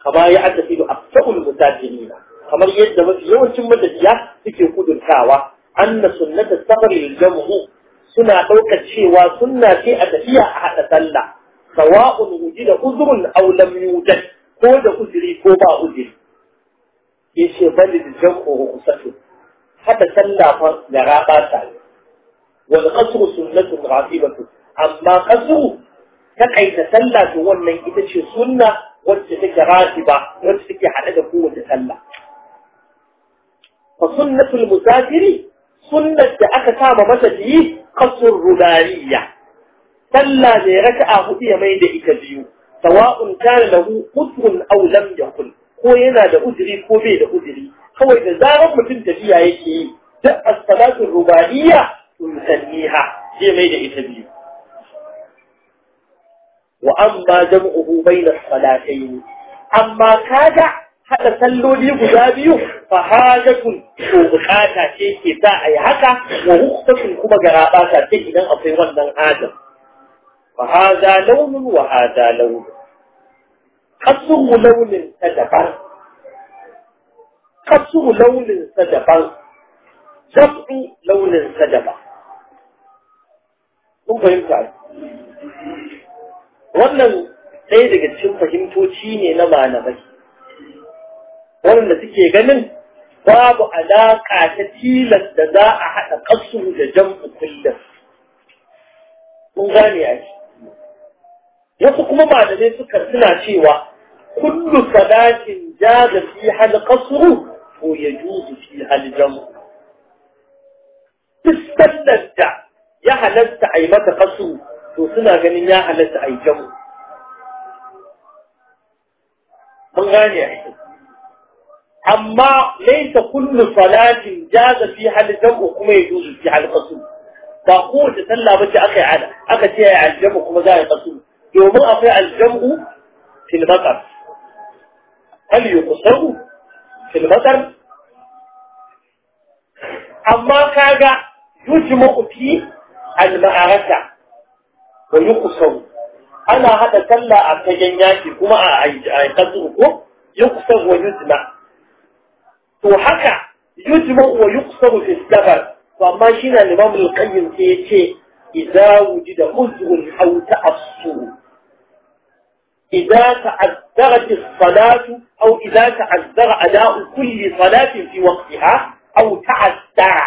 kama ya addafi da afsaul mutajirina kamar yadda mafi yawancin matafiya suke kudurtawa anna sunnata safarin jam'u suna ɗaukar cewa sunna ce a tafiya a haɗa sallah sawa'un wujida uzrun aw lam yujad ko da uzuri ko ba uzuri yace bal jam'u rukhsatu hada sallah fa gara ba ta wal qasr sunnatun ghafibatun amma qasr ta kaita sallah wannan ita ce sunna wacce take ratiba wacce take haɗe da kowace sallah fa musafiri sunnar da aka saba masa yi qasr rudariya sallah ne raka'a hudu ya mai da ita biyu sawa'un kana lahu udrun aw lam yakun ko yana da udri ko bai da udri kawai da zarar mutum tafiya yake yi duk rubaniya sun sanni ha, zai mai da ita biyu wa amma bai bayna as ne. amma kaga Haɗa salloli guda biyu fa hajatun bukata ce ke sa a yi haka wa hukumatun kuma garaba ce idan akwai wannan hajar fa haza launin wa haza launin kasu launin ta daban kasu launin sa daban jam'u launin sa daban kun fahimta wannan ɗaya daga cikin fahimtoci ne na malamai wanda suke ganin babu alaƙa ta tilas da za a haɗa kasu da jam'u kullum. Kun gane a shi. Wasu kuma malamai suka suna cewa kullu sadakin jazafi hal qasru ويجوز فيها الجمع تستندد يا هلست اي ما تقصو تو سنا غني يا هلست اي جمع بغاني اما ليس كل صلاة جاز فيها الجمع كما يجوز فيها القصو تقول تسلى بتي اخي على اخي تيا على الجمع كما زاي قصو يوم اقع الجمع في المطر هل يقصره fil matar amma kaga yujma'u fi al-ma'arata ana hada sallah a fagen yaki kuma a aikatu ko yuqsaru wa yujma to haka yujma'u wa yuqsaru fi safar to amma shi na Imam al-Qayyim sai yace idza wujida uzrun aw ta'assur idza ta'addarat as-salatu أو إذا تعذر أداء كل صلاة في وقتها أو تعذر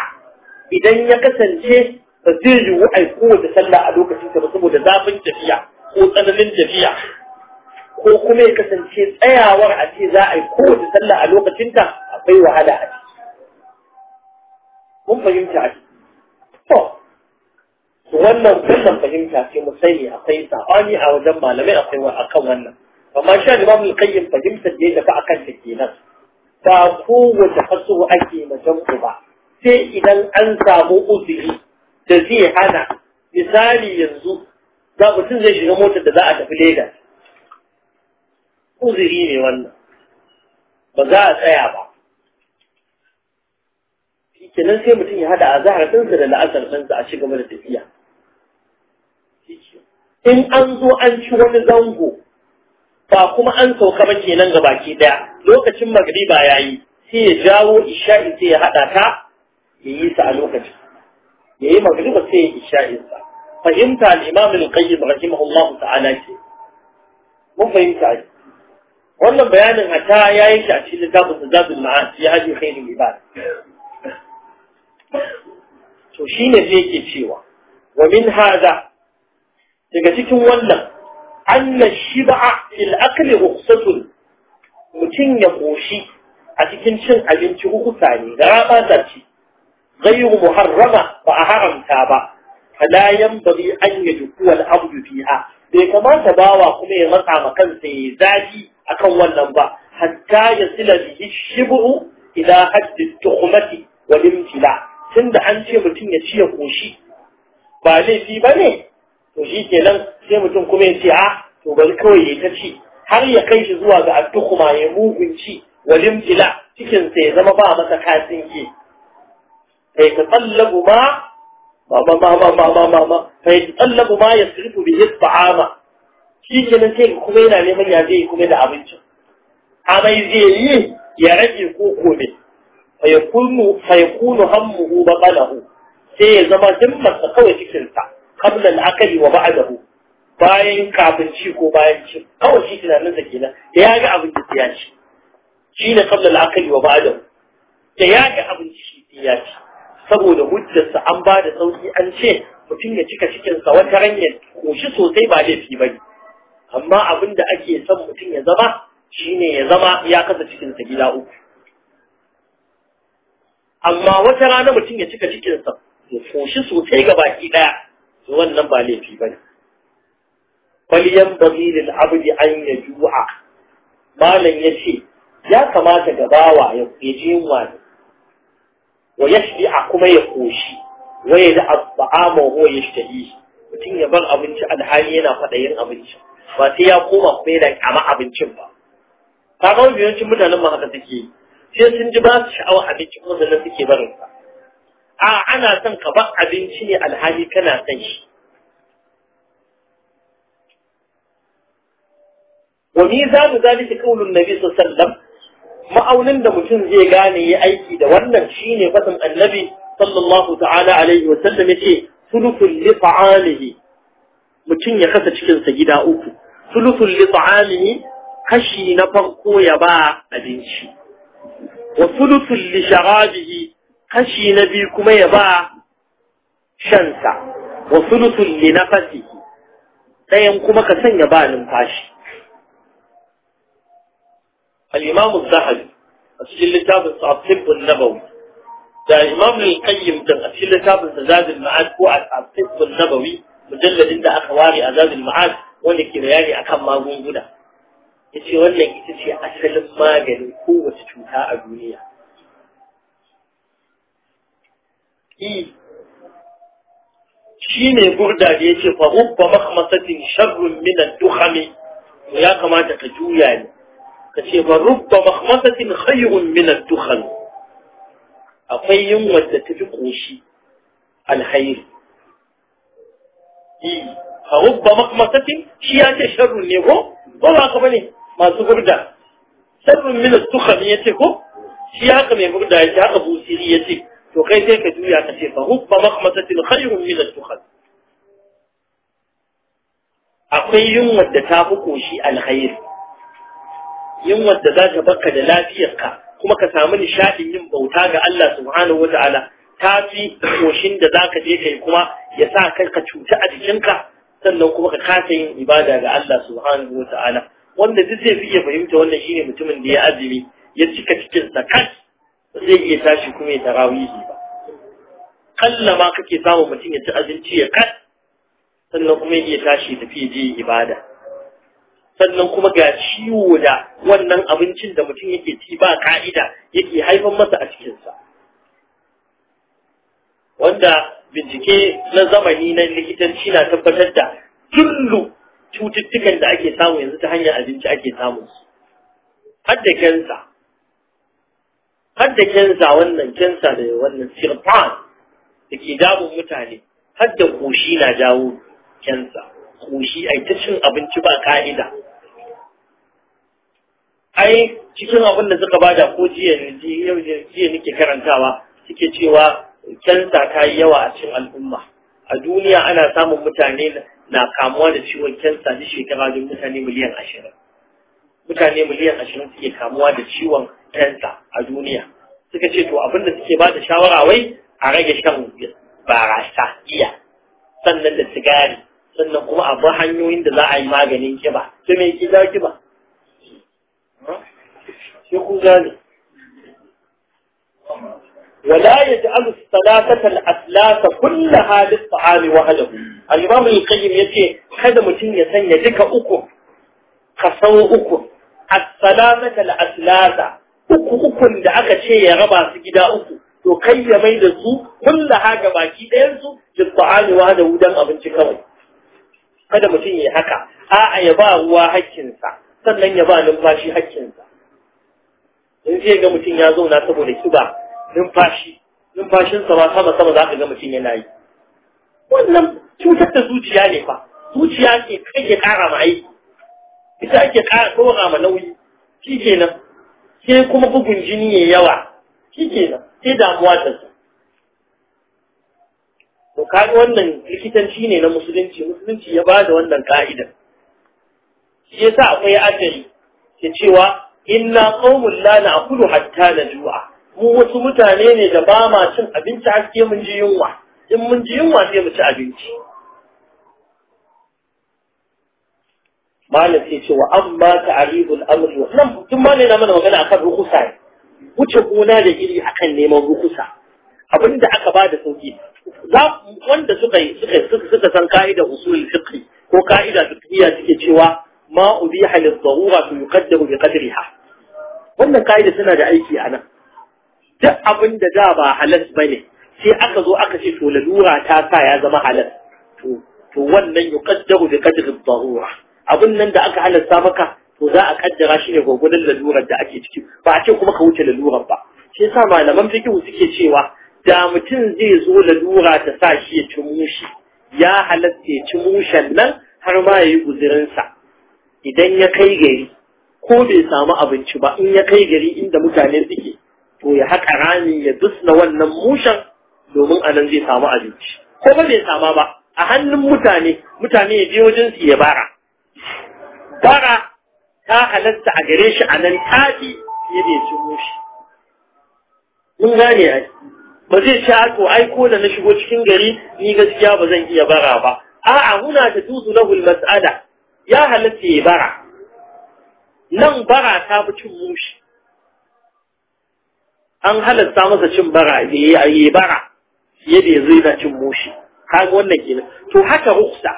إذا يكسن شيء فزير يوعي قوة سلا ألوك في تبصمه لذاب جفية قوة من جفية ko kuma ya kasance tsayawar a ce za a yi kowace sallah a lokacinta akwai wahala a ciki. Mun fahimta a ciki. wannan wannan fahimta ce mu sani akwai saɓani a wajen malamai akwai akan wannan. amma sha imam babu kayyin fahimtar da ya tafi akan ta kenan ba kowace hasu ake macen ku sai idan an samu uzuri da zai hana misali yanzu za mutum zai shiga motar da za a tafi Legas uzuri ne wannan ba za a tsaya ba kenan sai mutum ya hada azahar ɗinsa da la'asar ɗinsa a shiga da tafiya in an zo an ci wani zango ba kuma an sauka ba kenan ga baki daya lokacin magriba yayi sai ya jawo isha'i sai ya hada ta ya yi sa a lokacin ya yi magriba sai ya isha'in sa fahimta al-imam al-qayyim rahimahullah ta'ala ce mun fahimta wannan bayanin hata ta yayi shi a cikin littafin Zadul Ma'ad ya hadi khairul ibad to shine zai yake cewa wa min hada daga cikin wannan anna shib'a fil akli rukhsatun mutum ya koshi a cikin cin abinci hukuta ne da ba ta ci ghayru muharrama ba a haramta ba fala yanbaghi an yajku al abdu fiha bai kamata bawa kuma ya matsa ma kansa ya zafi akan wannan ba hatta ya sila bihi shib'u ila haddi tuhmati wal imtila tunda an ce mutum ya ci ya koshi ba laifi bane to shi kenan sai mutum kuma ya ce a ah, to bari kawai ya ta ci har ya kai shi zuwa ga addukuma ya mugun ci wajen fila cikin sa ya zama ba masa kasin ki fa ya tsallabu ma ba ba ba ba ba ba fa ya tsallabu ma ya sirfu bi hisba'ama shi kenan sai kuma yana neman ya je kuma da abinci. amai zai yi ya rage ko kome fa ya kunu fa ya kunu hammuhu sai ya zama dimmarsa kawai cikin sa qabla al-aqli wa ba'dahu bayan kafin ci ko bayan ci kawai shi tunanin sa kenan da ya ga abin da ya ci shi ne qabla la'akari wa ba'dahu da ya ga abin shi ya ci saboda hujjarsa an ba da sauki an ce mutum ya cika cikinsa wata ranyar koshi sosai ba laifi ba ne amma abin da ake son mutum ya zama shi ne ya zama ya kasa cikinsa gida uku amma wata rana mutum ya cika cikinsa ya koshi sosai ga baki ɗaya wannan ba laifi bane falyan bagi lil abdi an juwa malam ya ce ya kamata ga bawa ya je wani wa ya shi a kuma ya koshi wa yada at'ama huwa yashtahi mutum ya bar abinci alhali yana yin abinci ba sai ya koma kuma yana kyama abincin ba kaga wajen mutanen ma haka take sai sun ji ba su sha'awar abinci kuma sannan suke barin a ana son ka ba abinci ne alhali kana son shi wa za mu qaulun nabi sallallahu alaihi wasallam ma'aunin da mutum zai gane ya aiki da wannan shine fatan annabi sallallahu ta'ala alaihi wa sallam ce sulukul li ta'alihi mutum ya kasa cikinsa gida uku sulukul li ta'alihi kashi na farko ya ba abinci wa sulukul li sharabihi kashi na biyu kuma ya ba shansa wa ne na fasi ɗayan kuma ka sanya ba numfashi al-imam a cikin littafin sa at-tibbun da imam al-qayyim din a cikin littafin sa zazin ma'ad ko at-tibbun nabawi mujalladin da aka ware a zazin ma'ad wanda ke bayani a kan magunguna Ya ce wannan ita ce asalin maganin kowace cuta a duniya shi ne burda da ce fa hubba makhmasatin sharrun minan ad-dukhami ya kamata ka juya ne ka ce fa rubba makhmasatin khayrun min ad akwai yin wadda ta fi koshi alhairi fa rubba makhmasatin shi ya ce sharrun ne ko ba ba ka bane masu burda sharrun minan ad ya ce ko shi haka mai burda ya ce haka busiri ce. to kai sai ka juya ka ce fa hubba maqmatatin khayrun min al dukhal akwai yunwar da ta fi koshi alkhair yunwar da za ta baka da lafiyar ka, kuma ka samu nishadin yin bauta ga Allah subhanahu wataala ta fi koshin da za ka je kai kuma ya sa kai ka cuta a jikinka sannan kuma ka kasa yin ibada ga Allah subhanahu wataala wanda duk zai fiye iya fahimta wannan shine mutumin da ya azumi ya cika cikin sakat ba zai iya tashi kuma ya tarawihi ba kalla ma kake samun mutum ya ci abinci ya kat sannan kuma ya iya tashi tafi je ibada sannan kuma ga ciwo da wannan abincin da mutum yake ci ba ka'ida yake haifar masa a cikinsa wanda bincike na zamani na likitanci na tabbatar da jullu cututtukan da ake samu yanzu ta hanyar abinci ake samun su har da kansa har da kensa wannan kensa da wannan sirfan da ke damun mutane har da koshi na jawo kensa koshi ai ta cin abinci ba ka'ida ai cikin abin da suka bada ko jiya jiya nake karantawa suke cewa kensa ta yi yawa a cikin al'umma a duniya ana samun mutane na kamuwa da ciwon kensa da shekara don mutane miliyan ashirin mutane miliyan ashirin suke kamuwa da ciwon tenta a duniya suka ce to abin da suke ba da shawara wai a rage shan barasa iya sannan da sigari sannan kuma abu hanyoyin da za a yi maganin kiba su mai gida kiba sai ku gane ولا يجعل الثلاثة الأثلاث كلها للطعام وحده الإمام القيم يتي هذا متين يسن يدك أكو كسو أكو الثلاثة الأثلاثة uku ukun da aka ce ya raba su gida uku to kai ya mai da su kulla haka baki ɗayan su jibba'ani wa da wudan abinci kawai kada mutum ya haka a'a ya ba ruwa hakkinsa sannan ya ba numfashi hakkinsa in zai ga mutum ya zauna saboda kiba numfashi numfashinsa ba sama sama za ka ga mutum yana yi wannan cutar da zuciya ne fa zuciya ke kai ke kara ma aiki ita ake kara dora ma nauyi shi kenan sai kuma bugun jini ya yawa shi ke sai damuwa ta su to kaga wannan likitanci ne na musulunci musulunci ya ba da wannan ka'idar shi yasa akwai ajali ke cewa inna qaumun la kudu hatta juwa mu wasu mutane ne da ba ma cin abinci har sai mun ji yunwa in mun ji yunwa sai mu ci abinci malam sai ce wa amma ta'ribul amri wa nan tun malam yana mana magana akan rukusa ne wuce gona da iri akan neman rukusa abinda aka bada sauki za wanda suka suka suka san ka'ida usul fiqh ko ka'ida fiqhiyya suke cewa ma ubiha lil darura fi yuqaddaru bi qadriha wannan ka'ida suna da aiki a nan duk abin da da ba halal bane sai aka zo aka ce to lalura ta sa ya zama halal to to wannan yuqaddaru bi qadri darura abin nan da aka halasta maka to za a kaddara shi ne gwagwadon lalurar da ake ciki ba a ce kuma ka wuce lalurar ba shi yasa malaman fikihu suke cewa da mutum zai zo lalura ta sa shi ya ci mushi ya halatta ya ci mushen nan har ma ya yi guzirinsa idan ya kai gari ko bai samu abinci ba in ya kai gari inda mutane suke to ya haƙa rami ya dusna wannan mushen domin a nan zai samu abinci ko ba bai sama ba a hannun mutane mutane ya je wajen su ya bara Bara ta halatta a gare shi a nan tafi ya bai shi mun gane ai ba zai ci ato ai ko da na shigo cikin gari ni gaskiya ba zan iya bara ba a'a muna ta tuzu lahu mas'ala ya halatta ya bara nan bara ta fi cin mushi an halatta masa cin bara ya yi bara fiye da ya zai na cin mushi kaga wannan kenan to haka ruksa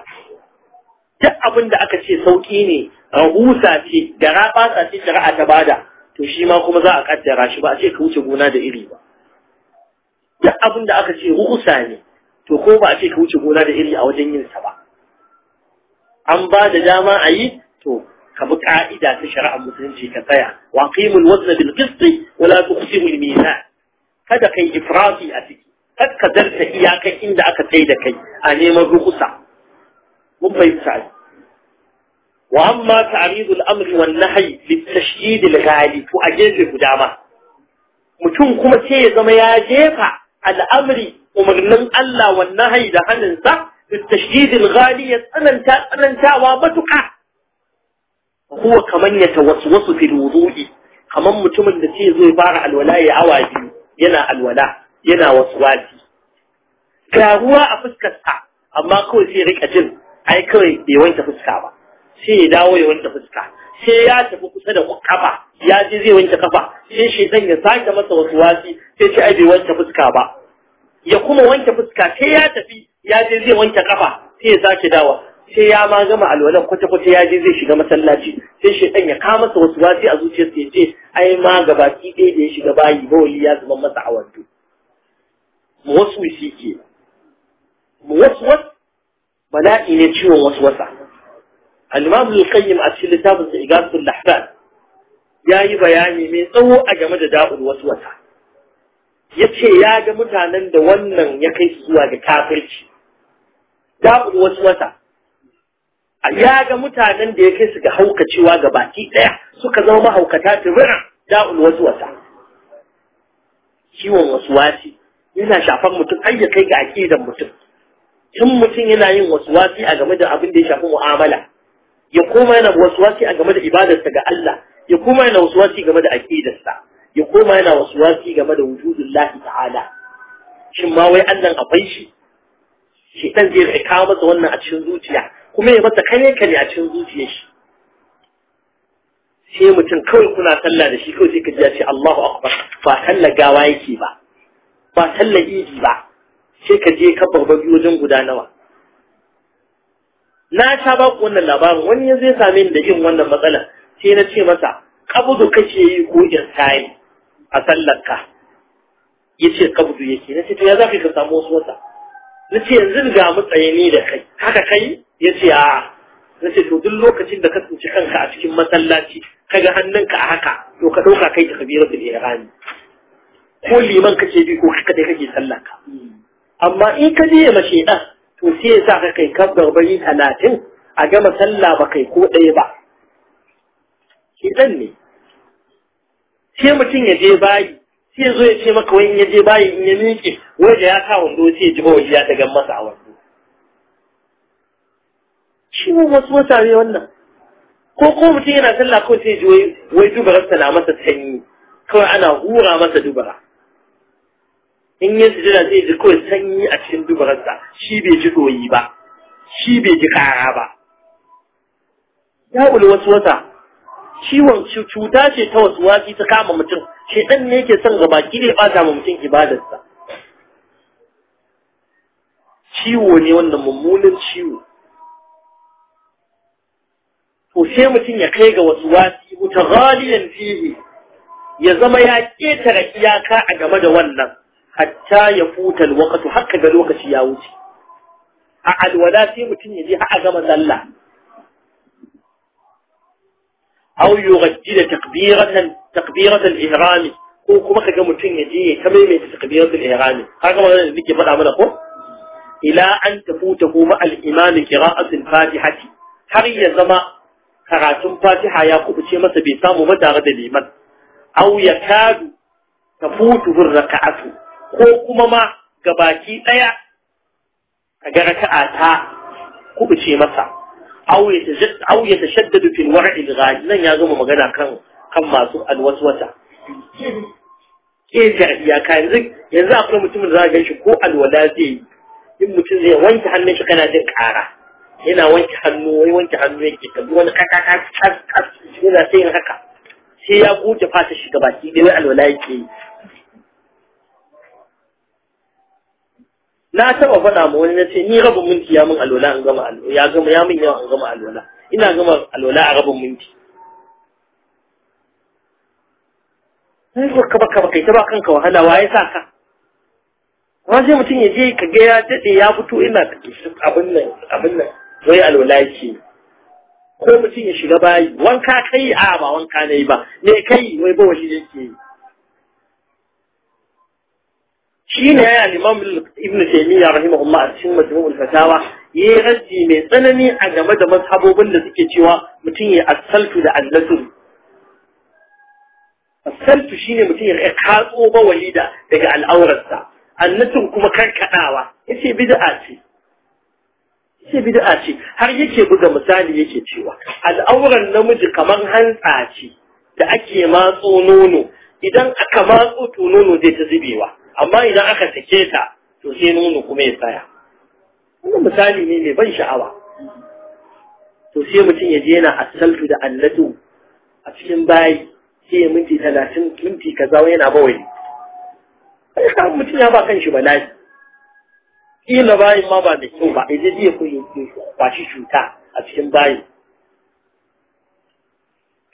duk abin da aka ce sauki ne rahusa ce da sa ce shari'a ta bada to shi ma kuma za a kaddara shi ba a ce ka wuce gona da iri ba duk abin da aka ce ruhusa ne to ko ba a ce ka wuce gona da iri a wajen yin sa ba an ba da dama a yi to ka bi ka'ida ta shari'ar musulunci ka tsaya wa qimul wazn bil qist wa la tuqsimu al mizan kada kai ifrati a ciki kada ka zarta iyakan inda aka tsaye da kai a neman rukusa مبين سعيد وأما تعريض الأمر والنهي للتشييد الغالي وأجيز الهجامة متون كما تيز ما يجيب الأمر ومغنى الله والنحي ده أننسى للتشييد الغالي أننسى أننسى وابتك هو كمن يتوسوس في الوضوء كمن متون نتيز بارع الولاي عواجي ينا الولا ينا وسواتي كهو أفسكتها أما كو سيريك أجل ai kawai bai wanke fuska ba sai ya dawo ya wanke fuska sai ya tafi kusa da kafa ya ji zai wanke kafa sai shi zan ya sake masa wasu wasi sai ce ai bai wanke fuska ba ya kuma wanke fuska sai ya tafi ya je zai wanke kafa sai ya sake dawa sai ya ma gama alwalan kwata kwata ya je zai shiga masallaci sai shi dan ya ka masa wasu wasi a zuciyarsa ya ce ai ma ki ɗaya da ya shiga bayi bawali ya zama masa a wando mu wasu shi ke mu wasu wasu bala'i ne ciwon waswasa al-imam al-qayyim a cikin littafin sa igasul lahfan yayi bayani mai tsawo a game da da'ul waswasa yace ya ga mutanen da wannan ya kai su zuwa ga kafirci da'ul wasa ya ga mutanen da ya kai su ga haukacewa ga baki daya suka zama mahaukata tibiran da'ul wasa. ciwon wasi yana shafan mutum har ya kai ga aqidan mutum in mutum yana yin wasu wasi a game da abin da ya shafi mu'amala ya koma yana wasu wasi a game da ibadarsa ga Allah ya koma yana wasu wasi game da aqidarsa ya koma yana wasu wasi game da wujudullahi ta'ala shin ma wai Allah akwai shi shi dan zai kawo masa wannan a cikin zuciya kuma ya masa kane kane a cikin zuciyar shi sai mutum kawai kuna sallah da shi kawai sai ka ji ya ce Allahu akbar ba sallar gawa yake ba ba sallar idi ba sai ka je ka barbabi wajen guda nawa na sha ba ku wannan labarin wani ya zai same ni da yin wannan matsala sai na ce masa kabudu kake yi ko in irsayi a sallarka ya ce kabudu yake na ce to ya za ka samu wasu wata na ce yanzu ga mu tsaye da kai haka kai ya ce a? na ce to duk lokacin da ka tsinci kanka a cikin masallaci ka ga hannunka a haka to ka ɗauka kai ka Kabiru da ko liman kake bi ko kai kake sallar ka amma in ka je ma shedan to sai ya sa ka kai kan bari talatin a gama sallah ba kai ko ɗaya ba shedan ne sai mutum ya je bayi sai zo ya ce maka wani ya je bayi in ya miƙe waje ya sa wando sai ya ji bawali ya daga masa a wando shi mu wasu mutane wannan ko ko mutum yana sallah ko sai ya ji wai dubarar na masa sanyi kawai ana hura masa dubara in yi sujada zai ji kawai sanyi a cikin dubararsa shi bai ji doyi ba shi bai ji kara ba ya wasu wata ciwon cuta ce ta wasu wasi ta kama mutum dan ne yake son gaba ki ba ma mutum ibadarsa ciwo ne wannan mummunan ciwo to sai mutum ya kai ga wasu wasi mutaghaliyan fihi ya zama ya ketare iyaka a game da wannan حتى يفوت الوقت حق الوقت يا وتي أعد ولا سيمتني لها أغم ذلا أو يغجل تقبيرة تقبيرة الإهرام هو كما كان متين يجي كما يمي تقبيرة الإهرام هذا ما نجي بلا ما نقول إلى أن تفوته مع الإمام قراءة الفاتحة حري زما قراءة الفاتحة يا قوة شما سبيتام ومدار دليما أو يكاد تفوته الركعة ko kuma ma gabaki ɗaya a ga raka'a ta kubuce masa au ya tashaddadu fil war'i bi nan ya zama magana kan kan masu alwaswata ke ga iyaka yanzu yanzu akwai mutumin da za a ganshi ko alwala zai yi in mutum zai wanke hannun shi kana jin ƙara yana wanke hannu wai wanke hannu yake ka wani kaka kas kas yana sai haka sai ya goge fata shi gabaki wai alwala yake yi na taba faɗa ma wani na ce ni rabin minti ya min alola in gama alola ya gama ya min yawa an gama alola ina gama alola a rabin minti sai ko ka baka baka ta ba kanka wahala waye sa ka waje mutum ya je ka ga ya dade ya fito ina da abin nan abin nan wai alola yake ko mutum ya shiga bayi wanka kai a ba wanka ne ba ne kai wai ba wani yake yi shi ne ya limam ibn taymiya rahimahullah a cikin majmu'ul fatawa yayi raddi mai tsanani a game da mazhabobin da suke cewa mutum ya asaltu da allatu asaltu shine mutum ya katso bawali da daga al'aurarsa annatun kuma karkadawa yace bid'a ce yace bid'a ce har yake buga misali yake cewa al'auran namiji kamar hantsa ce da ake matso nono idan aka matso to nono zai ta zubewa amma idan aka sake ta to sai nono kuma ya tsaya wannan misali ne mai ban sha'awa to sai mutum ya je yana asaltu da allatu a cikin bayi sai ya minti talatin minti kaza yana bawai sai ka mutum ya ba kan shi bala'i kila bayin ma ba da kyau ba idan yi ya kwashi cuta a cikin bayi.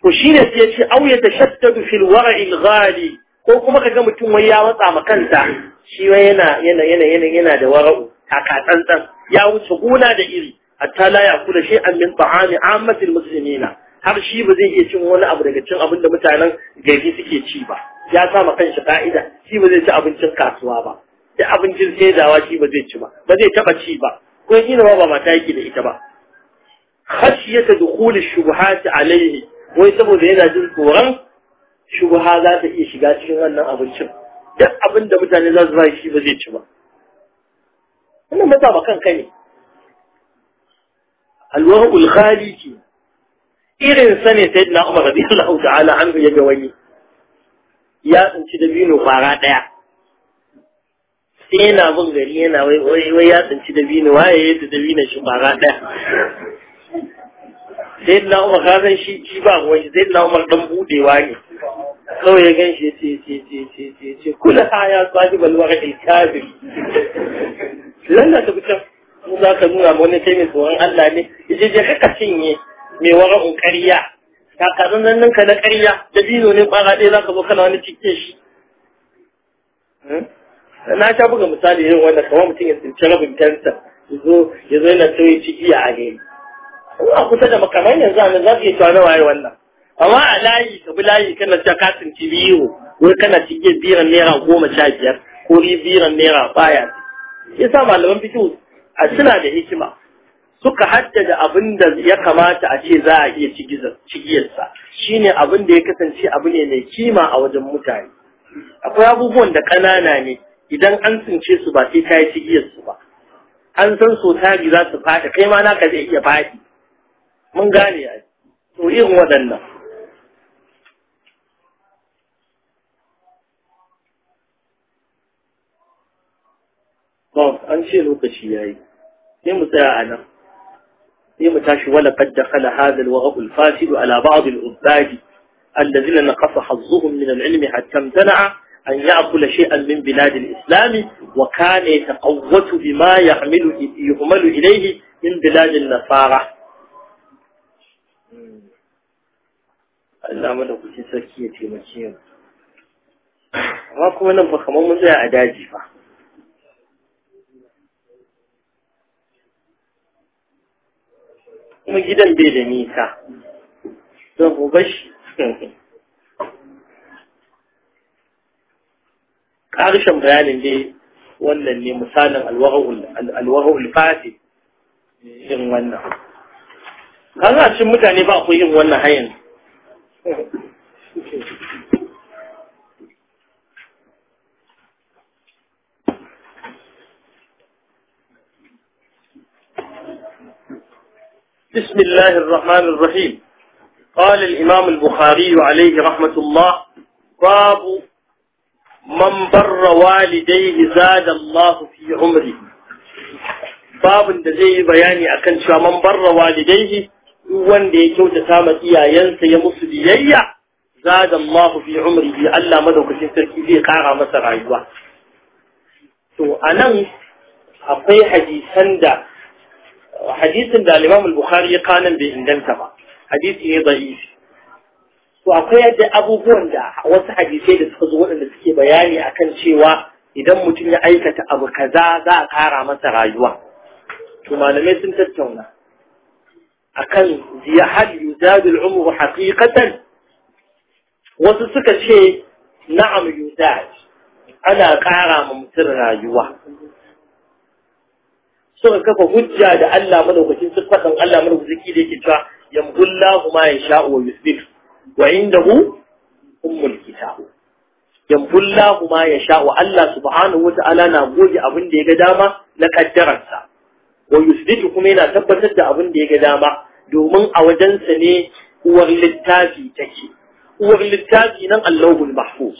to shine sai ya ce au tashaddadu fil ghali ko kuma ka ga mutum wai ya watsa ma kansa shi wai yana yana yana yana yana da wara'u Kaka tsantsan ya wuce gona da iri hatta la yakula an min ta'ami ammatil muslimina har shi ba zai iya cin wani abu daga cin abin da mutanen gari suke ci ba ya sa ma kanshi ka'ida shi ba zai ci abincin kasuwa ba da abincin saidawa shi ba zai ci ba ba zai taba ci ba ko ina ba mata yake da ita ba khashiyata dukhul shubuhat alayhi wai saboda yana jin tsoron shubha za ta iya shiga cikin wannan abincin duk abin da mutane za su ba shi ba zai ci ba wannan mata ba kanka ne alwahul khali irin sa ne na Umar radiyallahu ta'ala anhu ya ga wani ya tsinci dabino kwara daya sai yana bin gari yana wai wai ya tsinci dabino waye ya dabino shi kwara daya sai na umar kazan shi shi ba ruwan shi sai na umar dan budewa ne kawai ya gan shi ce ce ce ce ce ce kula ha ya tsaji balwar ilkabir lalla ta fitar mu za ka nuna ma wani kai tsoron Allah ne je je kaka cinye mai wara'un ƙarya kazan nan ninka na ƙarya da bino ne ɓara ɗaya za ka zo kana wani cikin shi hmm? na sha buga misali irin wannan kamar mutum ya tsinci rabin tansa ya zo yana tsaye ciki a gani Kuma a kusa da makaman yanzu a za su yi waye wannan amma a layi ka bi layi kana ta katin tsinci biyu wai kana cike biran naira goma sha biyar ko biran naira baya sa malaman fito a suna da hikima suka haddada abin da ya kamata a ce za a iya cigiyarsa shine abin da ya kasance abu ne mai kima a wajen mutane akwai abubuwan da ƙanana ne idan an tsince su ba sai ta yi cigiyarsu ba an san so tari za su faɗi kai ma naka zai iya faɗi من قال يعني وإغوى ذنّا طب أنشي لوكشي يعني يم ساعنا يم ولا قد دخل هذا الوغب الفاسد على بعض الأباد الذين نقص حظهم من العلم حتى امتنع أن يأكل شيئا من بلاد الإسلام وكان يتقوت بما يعمل يعمل إليه من بلاد النصارى Allah mada kuke sarki ya taimake mu amma kuma nan ba kamar mun tsaya a daji fa kuma gidan bai da nisa don ku shi. ƙarshen bayanin dai wannan ne misalin alwara'ul fasi irin wannan kan cin mutane ba akwai yin wannan hayan بسم الله الرحمن الرحيم قال الإمام البخاري عليه رحمة الله باب من بر والديه زاد الله في عمره باب دزي بياني أكن شو من بر والديه وان دي كوتا تامت إيا ينسى يمس بيايا زاد الله في عمره ألا مدو كسنتر كيفي قاعة مسر عيوة تو أنا أبي حديثا hadisin da imam bukhari ya kanan bai inganta ba hadisi ne da'ifi to akwai yadda abubuwan da wasu hadisai da suka zo waɗanda suke bayani akan cewa idan mutum ya aikata abu kaza za a kara masa rayuwa to malamai sun tattauna akan hal yuzadul umru haqiqatan wasu suka ce na'am yuzad ana kara ma mutum rayuwa suka kafa hujja da Allah madaukakin siffatan Allah madaukaki da yake cewa yamhullahu ma yasha'u wa yusbir wa indahu ummul kitab yamhullahu ma yasha'u Allah subhanahu ta'ala na goge abin da ya ga dama na kaddararsa wa yusbitu kuma yana tabbatar da abin da ya ga dama domin a wajensa ne uwar littafi take uwar littafi nan Allahul Mahfuz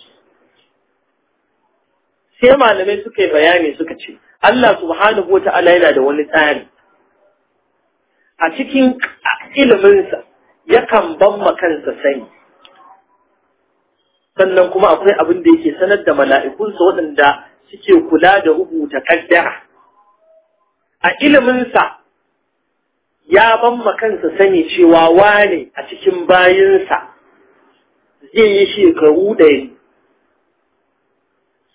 sai malamai suka yi bayani suka ce Allah subhanahu wa ta'ala yana da wani tsari a cikin iliminsa yakan ban kansa sani sannan kuma akwai abin da yake sanar da mala'ikunsa waɗanda suke kula da rubuta kaddara a iliminsa ya ban kansa sani cewa wane a cikin bayinsa zai yi shekaru ɗaya.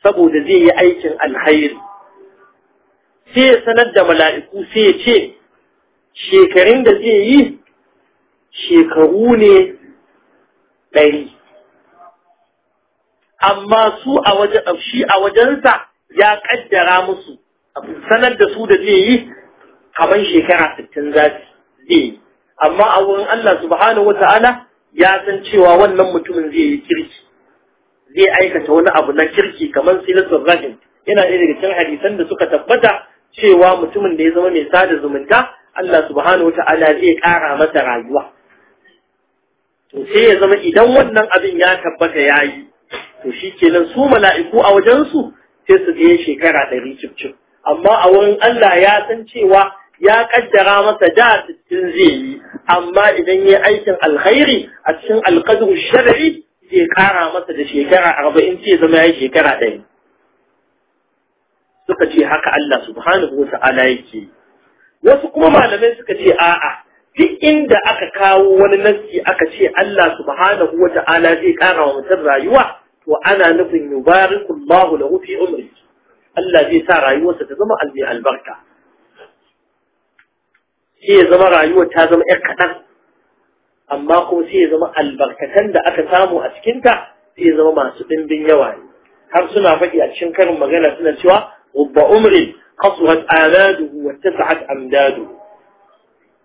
saboda zai yi aikin alhairi sai ya sanar da mala'iku sai ya ce shekarun da zai yi shekaru ne ɗari amma su a wajen shi a wajensa ya ƙaddara musu sanar da su da zai yi kamar shekara sittin za su yi amma a wurin Allah subhanahu wa ta'ala ya san cewa wannan mutumin zai yi kirki zai aikata wani abu na kirki kamar silatul rahim yana ɗaya daga cikin hadisan da suka tabbata cewa mutumin da ya zama mai sada zumunta Allah subhanahu wata'ala zai ƙara masa rayuwa to sai ya zama idan wannan abin ya tabbata ya yi, to shi shikenan su mala'iku a wajen su sai su je shekara ɗari cif amma a wurin Allah ya san cewa ya kaddara masa da sittin zai yi amma idan ya yi aikin alkhairi a cikin alqadru shari'i sai ya ƙara masa da shekara arba'in sai zama ya yi shekara ɗaya. suka ce haka Allah subhanahu wa ta'ala yake wasu kuma malamai suka ce a'a duk inda aka kawo wani nassi aka ce Allah subhanahu wa ta'ala zai ƙara wa mutum rayuwa to ana nufin yubariku Allahu lahu fi umri Allah zai sa rayuwarsa ta zama almi albarka sai ya zama rayuwar ta zama yar kaɗan أما قوم سيئ زمان البركتان دا أكتامو أسكنتا سيئ زمان ماسو بنبن يواني حرصنا فكي أتشنكر مغانا سنة سوا غضب أمري قصهت آلاده واتسعت أمداده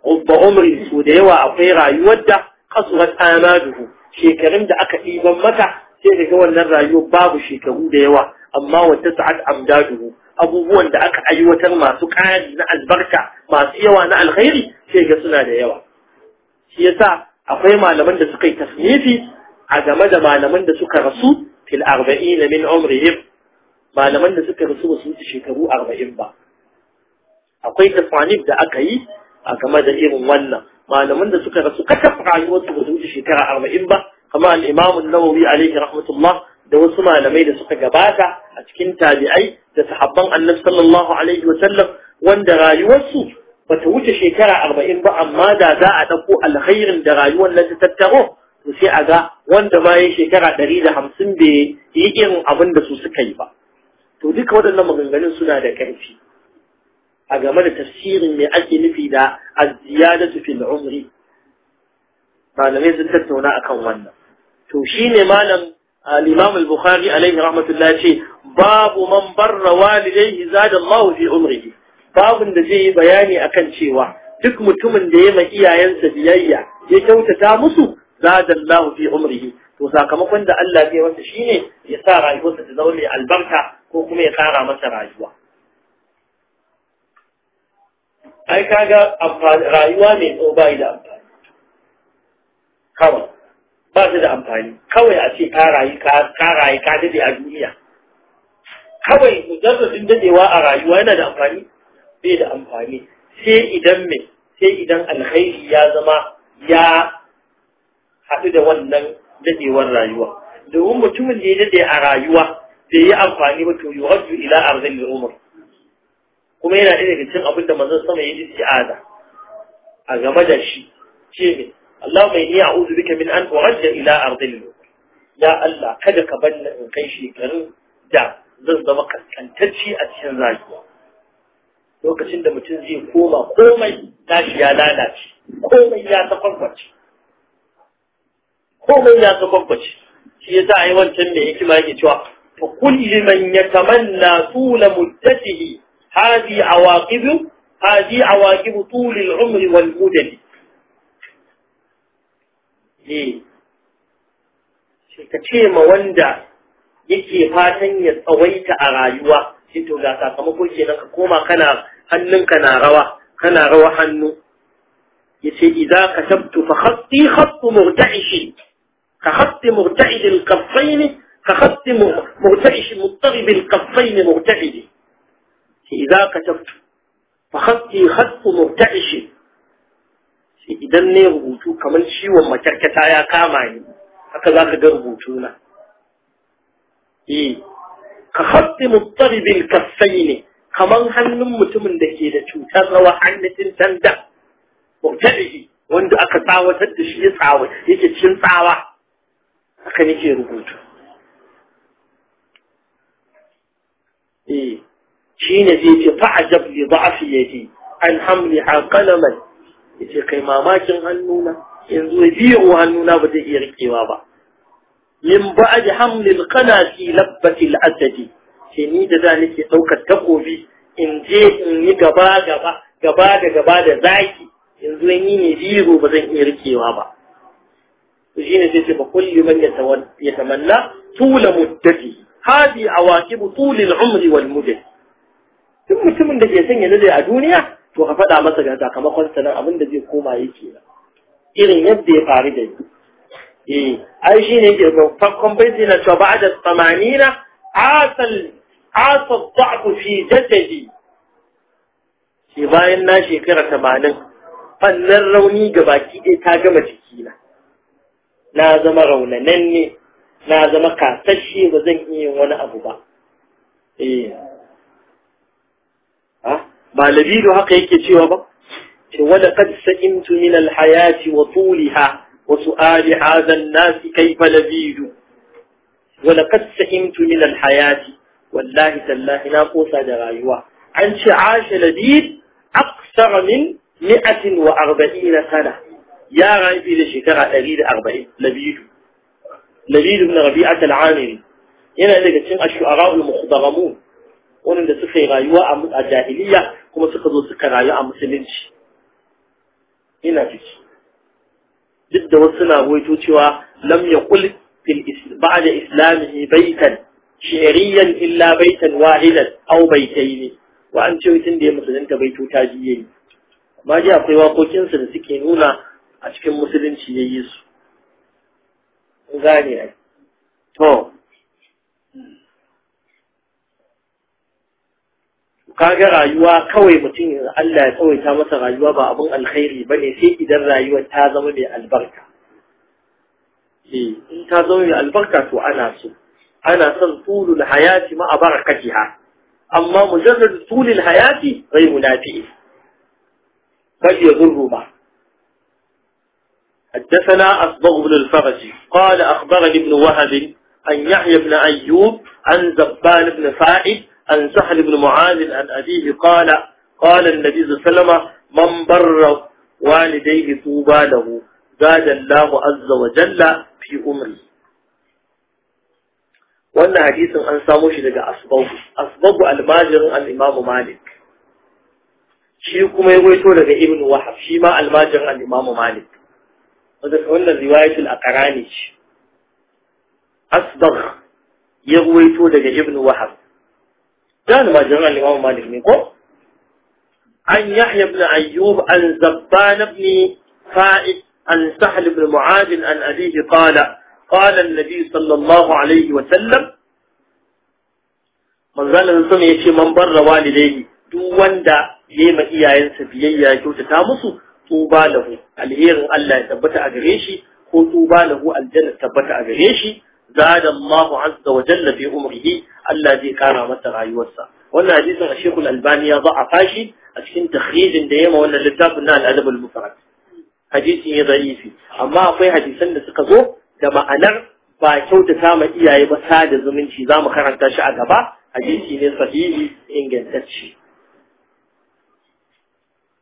غضب أمري سوديوة أفيرا يودع قصهت آماده شيكرم دا أكا إيبان متع سيئ زمان نرى يباب شيكه ديوة أما واتسعت أمداده abubuwan da aka aiwatar masu kadi na albarka masu yawa na alkhairi sai ga suna da yawa akwai malaman da suka yi tasnifi a game da malaman da suka rasu fil arba'in na min umrihim malaman da suka rasu ba su shekaru arba'in ba akwai tasnif da aka yi a game da irin wannan malaman da suka rasu katab rayuwarsu ba su shekara arba'in ba kamar al-imam an-nawawi alayhi rahmatullah da wasu malamai da suka gabata a cikin tabi'ai da sahabban annabi sallallahu alaihi wa sallam wanda rayuwarsu bata wuce shekara arba'in ba amma da za a ɗauko alkhairin da rayuwar na ta tattaro to sai a ga wanda ma ya shekara ɗari da hamsin bai yi irin abin da su suka yi ba to duka waɗannan maganganun suna da ƙarfi a game da tafsirin mai ake nufi da az-ziyadatu fil umri malamai sun tattauna akan wannan to shine malam al-imam al-bukhari alaihi ce babu man barra walidayhi da Allah fi umrihi babin da zai yi bayani akan cewa duk mutumin da ya ma iyayensa biyayya ya kyautata musu zadallahu fi umrihi to sakamakon da Allah zai masa shine ya sa rayuwarsa ta zama mai albarka ko kuma ya kara masa rayuwa ai kaga rayuwa mai tsawo bai da amfani kawai ba su da amfani kawai a ce ka rayu ka rayu ka dade a duniya kawai mujarrabin dadewa a rayuwa yana da amfani bai da amfani sai idan me sai idan alkhairi ya zama ya haɗu da wannan daɗewar rayuwa domin mutumin da ya daɗe a rayuwa bai yi amfani ba to yuhaddu ila arzil umar kuma yana ɗaya daga cikin abin da manzon sama ya isti'aza a game da shi ce ne Allah mai ni a'udhu bika min an uradda ila ardil ya Allah kada ka banna in kai shekarun da zan zama kaskantacci a cikin rayuwa lokacin da mutum zai koma komai tashi ya lalace komai ya tsakwankwace komai ya tsakwankwace shi a yi wancan mai hikima yake cewa fa kulli man yatamanna tula muddatihi hadi awaqib hadi awaqib tul al-umr wal mudad eh shi ka ce ma wanda yake fatan ya tsawaita a rayuwa sai to ga sakamako kenan ka koma kana hannunka na rawa kana rawa hannu yace idza kasabtu fa khatti khatt murta'ish ka khatt murta'id al-kaffayn ka khatt murta'ish mutarib al-kaffayn murta'id idza kasabtu fa khatti khatt murta'ish idan ne rubutu kamar ciwon matarkata ya kama ni haka zaka ga rubutu na eh. ka khatti kafai ne kamar hannun mutumin da ke da cutar rawa hannun tanda mubtadi'i wanda aka tsawatar da shi ya tsawa yake cin tsawa haka nake rubutu eh shi ne zai ce ba a fiye yadi an hamli kai mamakin hannuna yanzu biyu hannuna ba zai iya rikewa ba min ba'd hamlil kana fi labbati al sai ni da za nake daukar takobi in je in yi gaba gaba gaba da gaba da zaki yanzu ni ne biro ba zan iya rikewa ba to shine sai ba kulli man yatamanna tula muddati hadi awaqibu tul al-umr wal mudad duk mutumin da ke sanya ya a duniya to ka faɗa masa ga sakamakon sanan abin da zai koma yake irin yadda ya faru da ni eh ai shi ne ke farkon baiti na cewa ba'da tsamanina asal asal fi jaddadi shi bayan na shekara tamanin fannan rauni ga baki ɗaya ta gama jikina na zama raunanan ne na zama kasashe ba zan iya wani abu ba eh ba labido haka yake cewa ba ce wala qad sa'imtu min hayati wa tuliha وسؤال هذا الناس كيف لذيذ ولقد سئمت من الحياة والله تالله لا قوس لغايوة عن شعاش لذيذ أقصر من مئة وأربعين سنة يا غايب غايبي لشكرة أريد أربعين لذيذ لذيذ من ربيعة العامري yana daga cikin ashu'ara'ul mukhdaramun wanda suka yi rayuwa a jahiliya kuma suka zo suka rayu a musulunci ina ciki duk da wasu na goyito cewa lam kul fil ba'da islamihi baitan shi'riyan illa baitan wahidan aw ne, wa an ce tun da ya musulunta baito ta jiye amma ji akwai waƙoƙin da suke nuna a cikin musulunci yi su gane ai to kaga rayuwa kawai mutum Allah ya tsawaita masa rayuwa ba abun alkhairi ba ne sai idan rayuwar ta zama mai albarka in ta zama mai albarka to ana so ana son tulul hayati ma a barakatiha amma mujarrad tulul hayati bai munafi'i bal yadurru ba حدثنا أصبغ بن الفرج قال أخبرني ابن وهب أن يحيى بن أيوب عن زبان بن فائد عن سهل بن معاذ عن أبيه قال قال النبي صلى الله عليه وسلم من بر والديه طوبى له زاد الله عز وجل في أمري وأن حديث أن ساموش لك أسبابه أسبابه الماجر عن الإمام مالك شيكم يقولون لك ابن وحف شيما الماجر عن الإمام مالك ودفعون الرواية الأقراني أصدق يغويتو لك ابن وحب كان ما جمع الإمام مالك منكم عن يحيى بن أيوب عن زبان بن فائد عن سهل بن معاذ عن أبيه قال قال النبي صلى الله عليه وسلم من ظل سمع يشي من بر والديه duk wanda يما ma iyayensa biyayya kyautata تامسو tuba له الهير Allah ya tabbata a gare له الجنة ثبت lahu zada Allahu azza wa jalla fi umrihi Allah zai kara masa rayuwarsa wannan hadisin Sheikhul Albani ya a fashi a cikin takhrijin da yema wannan littafin na al-adab al-mufrad hadisi ne da'ifi amma akwai hadisan da suka zo da ma'anar ba kyautata ma iyaye ba sada zumunci za mu karanta shi a gaba hadisi ne sahihi ingantacce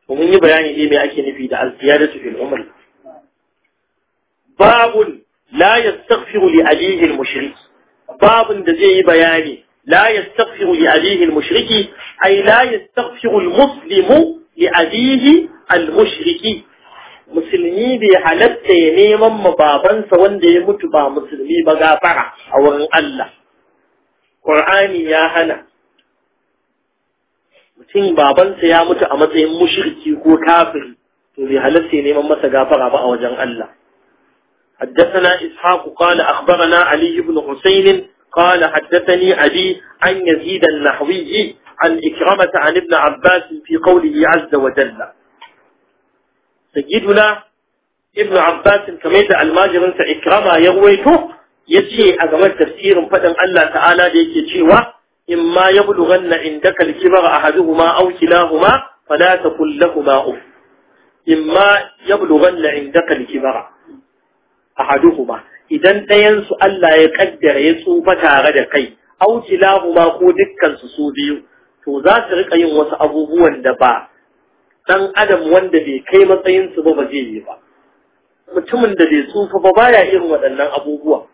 mun yi bayani ne mai ake nufi da al-ziyadatu fil umr babun la yastaghfiru li mushrik babun da zai yi bayani la yastaghfiru li abihi al-mushriki la muslimu li abihi al musulmi bai halatta ya neman ma babansa wanda ya mutu ba musulmi ba gafara a wurin Allah Qur'ani ya hana mutum babansa ya mutu a matsayin mushriki ko kafiri to bai halatta ya neman masa gafara ba a wajen Allah حدثنا إسحاق قال أخبرنا علي بن حسين قال حدثني علي عن يزيد النحوي عن إكرمة عن ابن عباس في قوله عز وجل سيدنا ابن عباس كما يدعى الماجر إكرمة يغويته يجي أجمع تفسير فدم الله تعالى ليك تشيوه إما يبلغن عندك الكبر أحدهما أو كلاهما فلا تقل لهما أف إما يبلغن عندك الكبر ahaduhuma idan ɗayansu Allah ya kaddara ya tsufa tare da kai au kilahuma ko dukkan su su biyu to za su rika yin wasu abubuwan da ba dan adam wanda bai kai matsayin su ba ba zai yi ba mutumin da bai tsufa ba baya irin waɗannan abubuwa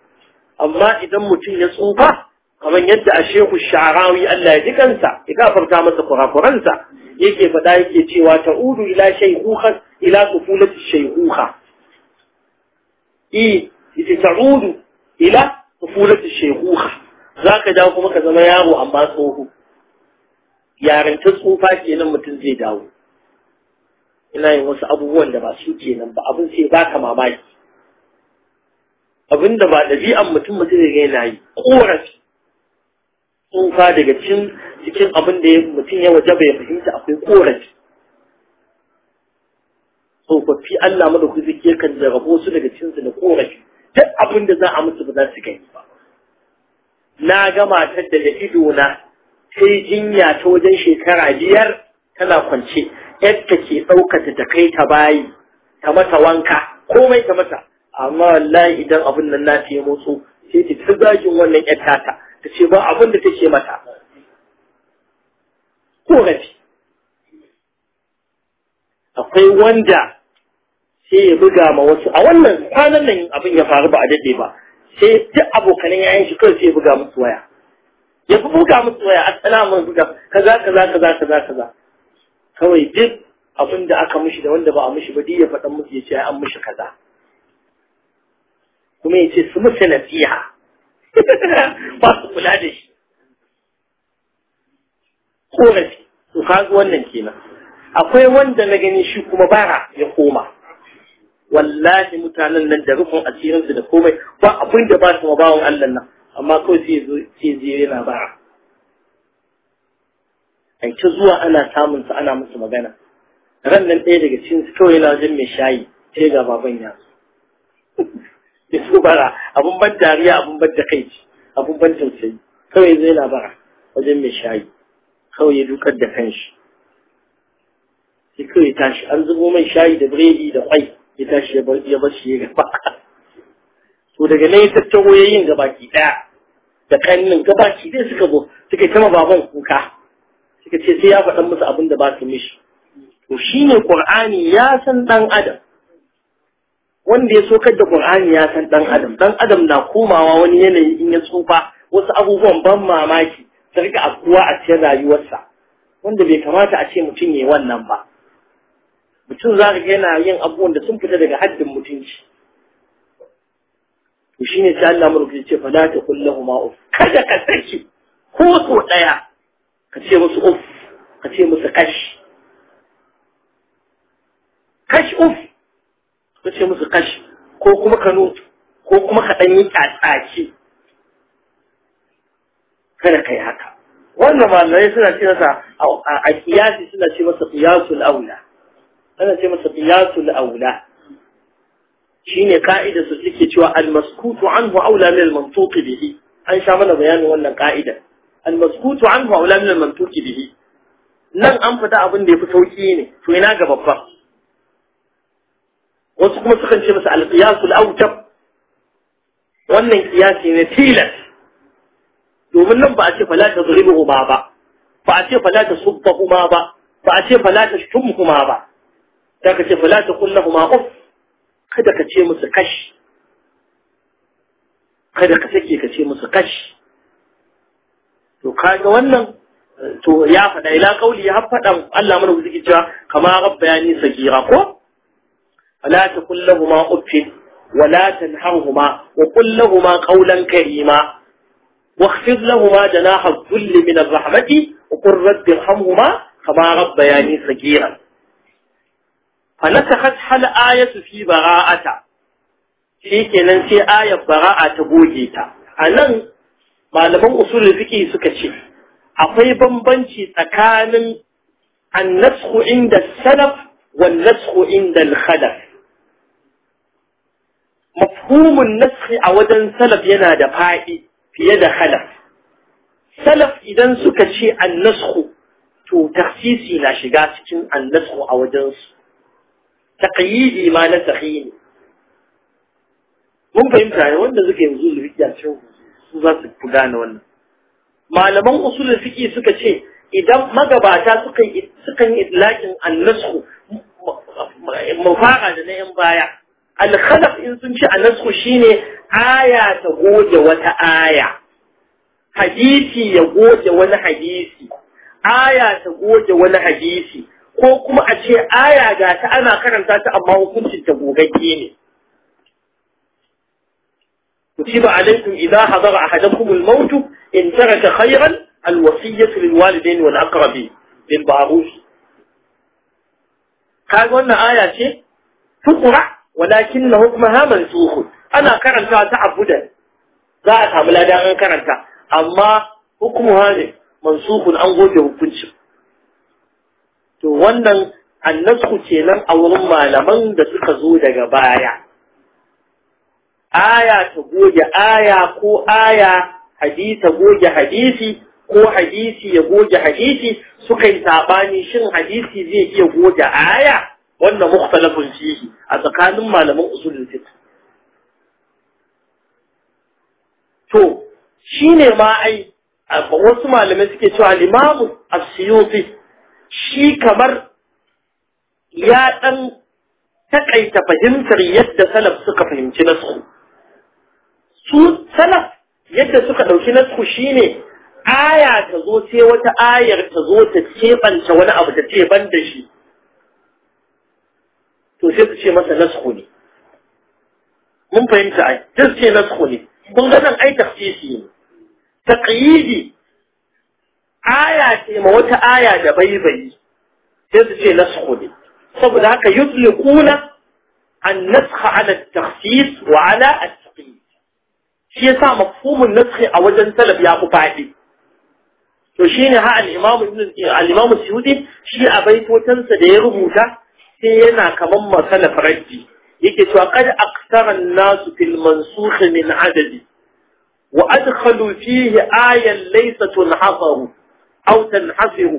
amma idan mutum ya tsufa kamar yadda a shehu sha'arawi Allah ya ji ya gafarta masa kurakuransa yake faɗa yake cewa ta'udu ila shaykhukha ila tufulati shaykhuha eh yace ta'udu ila tufulati Za ka dawo kuma ka zama yaro amma tsoho yarinta tsufa kenan mutum zai dawo ina yin wasu abubuwan da ba su kenan ba abin sai baka mamaki abin da ba ɗabi'an mutum mutum da yana yi ƙorafi tsufa daga cikin cikin abin da mutum ya waje bai fahimta akwai ƙorafi tsofaffi Allah madaukaki yakan jarrabo su daga cinsu da korafi duk abin da za a musu ba za su gani ba na ga matar da ido na ta jinya ta wajen shekara biyar tana kwance yadda ke ɗaukata da kai ta bayi ta mata wanka komai ta mata amma wallahi idan abin nan na ta motsu sai ta ta zagin wannan yar tata ta ce ba abin da take mata korafi akwai wanda sai ya buga ma wasu a wannan kwanan nan abin ya faru ba a daɗe ba sai duk abokanin yayan shi kawai sai ya buga musu waya ya fi buga musu waya assalamu buga kaza kaza kaza kaza kaza kawai duk abin da aka mishi da wanda ba a mishi ba duk ya faɗa musu ya ce an mishi kaza kuma ya ce su musu nasiha ba su kula da shi korafi to kaga wannan kenan akwai wanda na gani shi kuma bara ya koma wallahi mutanen nan da rufin asirinsu da komai ba abin da ba su ma bawan Allah nan amma kawai sai zo sai je yana ba ai ta zuwa ana samun su ana musu magana ran nan ɗaya daga cikin su kawai yana wajen mai shayi sai ga baban ya ya su bara abun ban dariya abun ban da kai abun ban tausayi kawai zai na bara wajen mai shayi kawai ya dukar da kanshi sai kawai tashi an zubo mai shayi da biredi da kwai ya tashi ya bar shi ya gaba to daga nan ya tattaro ya yin gabaki ɗaya da kannin gabaki ɗaya suka zo suka tama baban kuka suka ce sai ya faɗa musu abin da ba su mishi to shine qur'ani ya san ɗan adam wanda ya sokar da qur'ani ya san ɗan adam ɗan adam na komawa wani yanayi in ya tsufa wasu abubuwan ban mamaki su rika afkuwa a cikin rayuwarsa wanda bai kamata a ce mutum yayi wannan ba mutum za ka ga yana yin abubuwan da sun fita daga haddin mutunci to shine sai Allah mulki ce fa la ta kullahuma uf kada ka saki ko so daya ka ce musu uf ka ce musu kash kash uf ka ce musu kash ko kuma ka nu ko kuma ka dan yi tsatsaci kada kai haka wannan malamai suna ce masa a kiyasi suna ce masa qiyasul aula ana ce masa qiyasul aula shine ka'ida su suke cewa al-maskutu anhu aula min bihi an sha mana bayanin wannan ka'ida al-maskutu anhu aula min bihi nan an fita abin da fi sauki ne to ina ga babban wasu kuma sukan ce masa al-qiyasul wannan kiyasi ne tilas domin nan ba a ce fala tazribuhuma ba ba a ce fala tasubbuhuma ba ba a ce fala tashtumhuma ba ta ce fala ta kullahu ma uf kada ka ce musu kash kada ka sake ka ce musu kash to kaga wannan to ya fada ila kauli ya fada Allah mana wuzuki cewa kama rabbayani sagira ko fala ta kullahu ma uffin ولا تنهرهما وقل لهما قولا كريما واخفض لهما جناح الذل من الرحمة وقل رب ارحمهما كما ربياني صغيرا فنسخت حل آية في براءة في كنان في آية براءة بوجيتا أنا ما لم أصول فيكي سكتشي أطيبا بنشي تكان النسخ عند السلف والنسخ عند الخلف مفهوم النسخ أودا سلف ينادى فائي في يد خلف سلف إذا سكتشي النسخ تو تخسيسي ناشي قاسكين النسخ أودا سلف taqyidi ma na sahi ne mun fahimta ne wanda suka yanzu zulfiya cikin su za su fi gane wannan malaman usulul fiqh suka ce idan magabata suka suka yi idlakin annasku mafara da na yan baya al in sun ci annasku shine aya ta goge wata aya hadisi ya goge wani hadisi aya ta goge wani hadisi ko kuma a ce aya ga ta ana karanta ta amma hukuncin ta gogagge ne kutiba alaikum idza hadara ahadakum al-maut in taraka khayran al-wasiyyatu lil walidayn wal aqrabi bil ma'ruf kaga wannan aya ce tukura walakin na hukmaha mansukh ana karanta ta abudan za a samu ladan an karanta amma hukmuha ne mansukh an goge hukuncin to wannan annasu kenan a wurin malaman da suka zo daga baya aya ta goge aya ko aya hadisa goge hadisi ko hadisi ya goge hadisi suka yi sabani shin hadisi zai iya goge aya wannan mukhtalafun fihi a tsakanin malaman usulul fiqh to shine ma ai wasu malamai suke cewa al-imam as shi kamar ya ɗan taƙaita fahimtar yadda salaf suka fahimci nasku su salaf yadda suka ɗauki nasku ne aya ta zo ce wata ayar ta zo ta keɓance wani abu ta ce ban da shi to sai su ce masa nasku ne mun fahimta ai sai su ce nasku ne kun ga nan ai tafsiri ne taqyidi aya ce ma wata aya da baibayi sai su ce nasku ne saboda haka yutliquna an naskha ala at wa ala at-taqyid shi yasa mafhumun naskhi a wajen salaf ya ku faɗi. to shine ha al-imam al shi a baitotansa da ya rubuta sai yana kamar masalaf raddi yake cewa qad aksara nasu fil mansukh min adadi wa adkhalu fihi ayan laysa tunhafaru أو تنحصر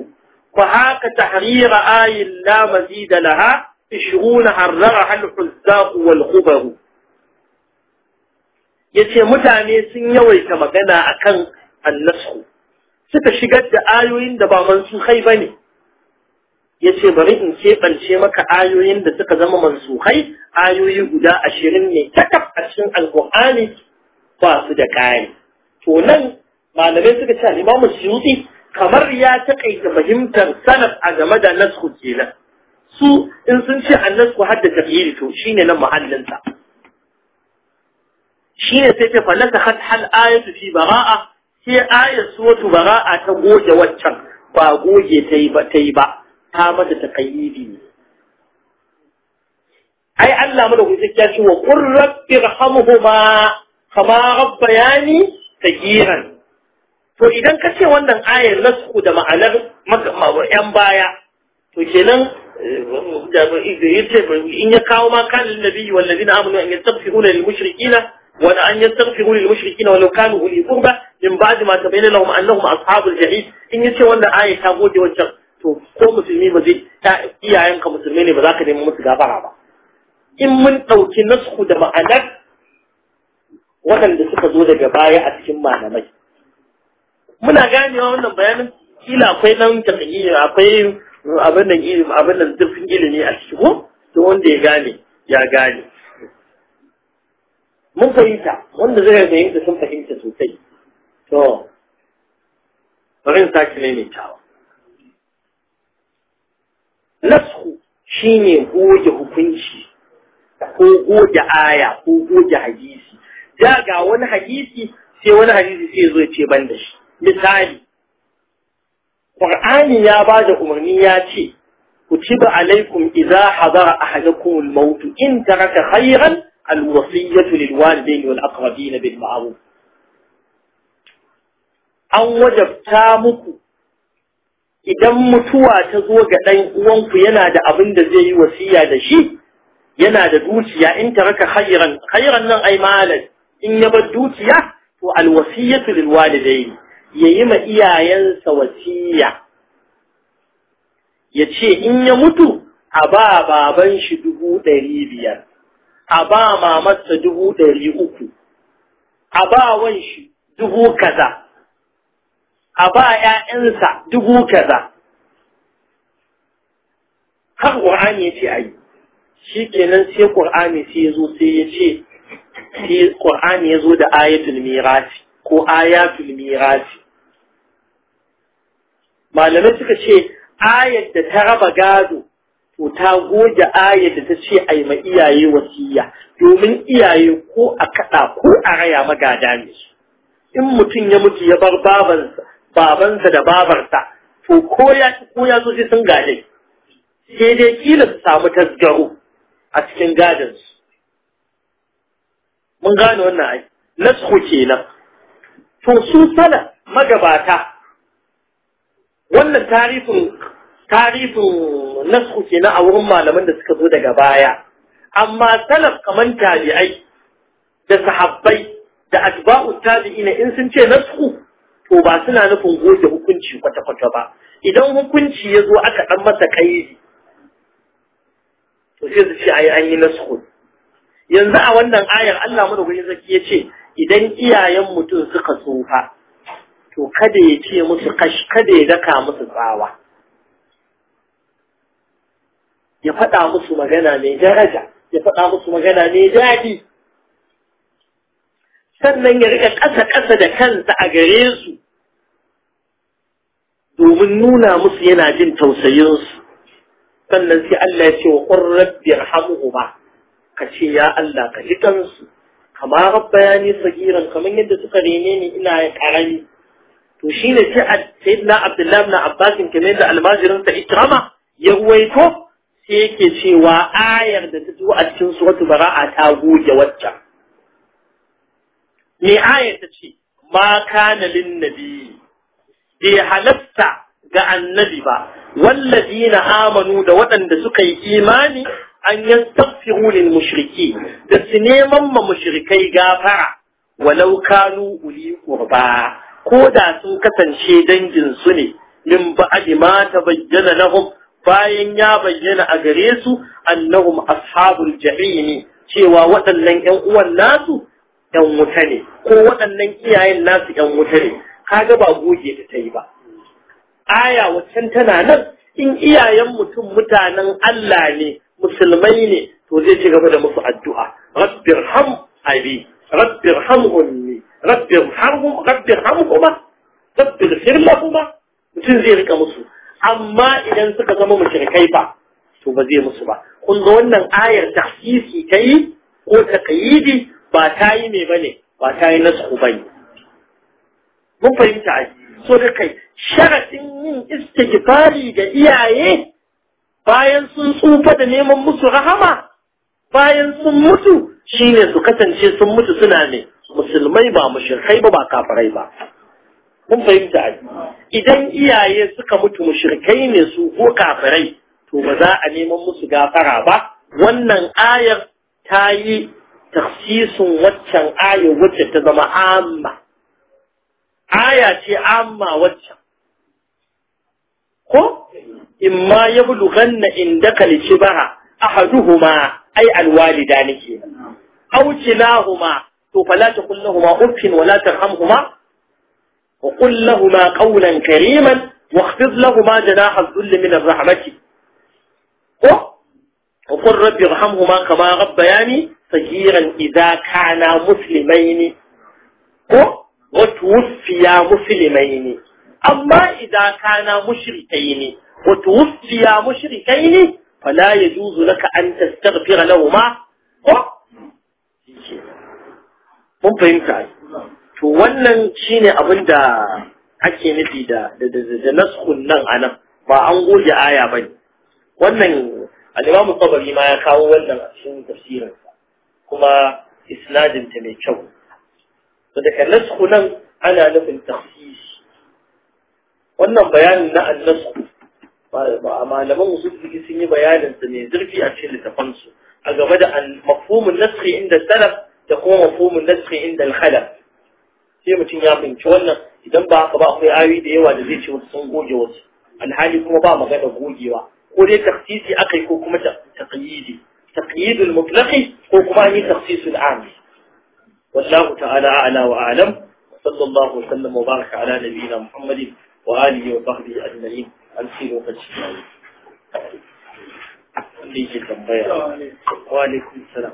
فهاك تحرير آي لا مزيد لها عشرون حررها الحزاق والخبر yace mutane sun yawaita magana akan annasku suka shigar da ayoyin da ba mansukhai bane yace bari in keɓance maka ayoyin da suka zama mansukhai ayoyi guda ashirin mai takaf a cikin alqur'ani ba su da kare to nan malamai suka ci al-imamu kamar ya taƙaita fahimtar salaf a game da nasku kenan su in sun ce annasku har da tafiyiri to shine muhallinta. muhallinsa shine sai ta falasa hat hal ayatu fi bara'a sai ayat suratu bara'a ta goge waccan ba goge ta yi ba ta yi ba ta mata taqayyidi ai Allah mu da kuke kiyashi wa qur rabbi irhamhuma kama rabbayani sagiran to idan ka ce wannan ayar nasku da ma'anar yan baya to kenan eh, in ya kawo ma kan annabi wal ladina amanu an yastaghfiruna lil mushrikina wa an yastaghfiru lil mushrikina walau kanu ba qurba min ba'd ma tabayyana lahum annahum ashabul jahim in ce wannan aya ta gode wancan to ko musulmi ba zai iyayenka musulmi ne ba za ka nemi musu gafara ba in mun ɗauki nasku da ma'anar waɗanda suka zo daga baya a cikin malamai muna ganewa wannan bayanin kila akwai nan tafiyi akwai abin nan ilimi abin nan dukkan ilimi a ciki ko to wanda ya gane ya gane mun fahimta wanda zai fahimta sun fahimta sosai to bari in ne maimaitawa nasku shine goge hukunci ko goge aya ko goge hadisi da ga wani hadisi sai wani hadisi sai zo ya ce ban da shi misali Qur'ani ya ba da umarni ya ce kutiba alaikum idza hadara ahadakum al-maut in taraka khayran al-wasiyyatu lil walidayn wal aqrabin bil ma'ruf an wajabta muku idan mutuwa ta zo ga ɗan uwanku yana da abin da zai yi wasiya da shi yana da dukiya in ta raka khairan nan ai malan in ya bar dukiya to alwasiyatu lil walidayn ya yi ma iyayensa wasiya ya ce in ya mutu a ba baban shi dubu ɗari biyar a ba mamarsa dubu ɗari uku a ba wan shi dubu kaza a ba ‘ya'yansa dubu kaza har ƙur'ani ya ce a yi shi kenan sai ƙur'ani sai ya zo sai ya ce sai ƙur'ani ya zo da ayatul mirasi ko ayatul mirasi malamai suka ce ayar da ta raba gado to ta goge ayar da ta ce ai ma iyaye wasiya domin iyaye ko a kaɗa ko a raya magada ne in mutum ya mutu ya bar babansa babansa da babarsa to ko ya ko ya zo sai sun gade sai dai kila su samu tasgaro a cikin gadon su mun gane wannan ai nasu kenan to su sana magabata wannan tarihin nasku nasu kenan a wurin malaman da suka zo daga baya amma salaf kaman tabi'ai da sahabbai da atba'u tabi'ina in sun ce nasku to ba suna nufin goge hukunci kwata-kwata ba idan hukunci ya zo aka dan masa kairi to sai su ce ai an yi nasku yanzu a wannan ayar Allah mu da gurin zaki yace idan iyayen mutum suka tsufa to kada ya ce musu kashi kada ya daka musu tsawa ya faɗa musu magana mai daraja ya faɗa musu magana mai daɗi sannan ya rika ƙasa-ƙasa da kansa a gare su domin nuna musu yana jin tausayinsu sannan sai Allah ya ce wa ƙurrabbiyar hamu ba ka ce ya Allah ka ji kansu kama nisa sagiran kamar yadda suka rene ni ina ya ƙarami to shine sai sayyidina abdullahi ibn abbas kamar da almajirin sa ikrama ya ruwaito sai yake cewa ayar da ta zo a cikin suratu bara'a ta goge waccan me ayar ta ce ma kana lin nabi bai halatta ga annabi ba wallazina amanu da waɗanda suka yi imani an yastaghfiru lil mushriki da su neman ma mushrikai gafara Walauka kanu uli qurba ko da sun kasance dangin su ne min ba'di ma na lahum bayan ya bayyana a gare su annahum ashabul jahimi cewa waɗannan ƴan uwan nasu ƴan wuta ne ko waɗannan iyayen nasu ƴan wuta ne kaga ba goge ta ta yi ba aya waccan tana nan in iyayen mutum mutanen Allah ne musulmai ne to zai ci gaba da musu addu'a rabbirham abi rabbirham rabbi irhamhum rabbi irhamhuma rabbi mutum zai rika musu amma idan suka zama mushrikai ba to ba zai musu ba kun ga wannan ayar tahsisi ta yi ko taqyidi ba ta yi me bane ba ta yi nasu bane mun fahimta ai so da kai sharaɗin yin istighfari ga iyaye bayan sun tsufa da neman musu rahama bayan sun mutu shine su kasance sun mutu suna ne musulmai ba mushirkai ba ba kafirai ba mun fahimta idan iyaye suka mutu mushirkai ne su ko kafirai to ba za a neman musu gafara ba wannan ayar ta yi tafsisin waccan ayar wacce ta zama amma aya ce amma waccan ko In ma ya bulughanna indaka likibara ahaduhuma ai alwalida nake au فلا تقل لهما lahumu ولا ترحمهما وقل لهما قولا كريما واخفض لهما جناح الذل من الرحمة وقل رب ارحمهما كما ربياني صغيرا إذا كانا مسلمين وتوفيا مسلمين أما إذا كانا مشركين وتوفيا مشركين فلا يجوز لك أن تستغفر لهما mun fahimta to wannan shine abin da ake nufi da da naskun nan a nan ba an goge aya ba ne wannan al'imamu tabari ma ya kawo wannan a cikin tafsirinsa kuma isnadinta mai kyau to daga nasku nan ana nufin tafsir wannan bayanin na annasku malaman suke sun yi bayanin mai zurfi a cikin littafansu a game da mafhumin naskhi inda salaf da kuma mafhumun naskhi inda al sai mutum ya fahimci wannan idan ba haka ba akwai ayoyi da yawa da zai ce wasu sun goge wasu alhali kuma ba magana gogewa ko dai taksisi akai ko kuma taqyidi taqyidul mutlaqi ko kuma ni taksisul am wallahu ta'ala a'la wa a'lam sallallahu wasallam wa baraka ala nabiyyina muhammadin wa alihi wa sahbihi ajma'in an ci lokaci wanda yake tambaya wa alaikum salam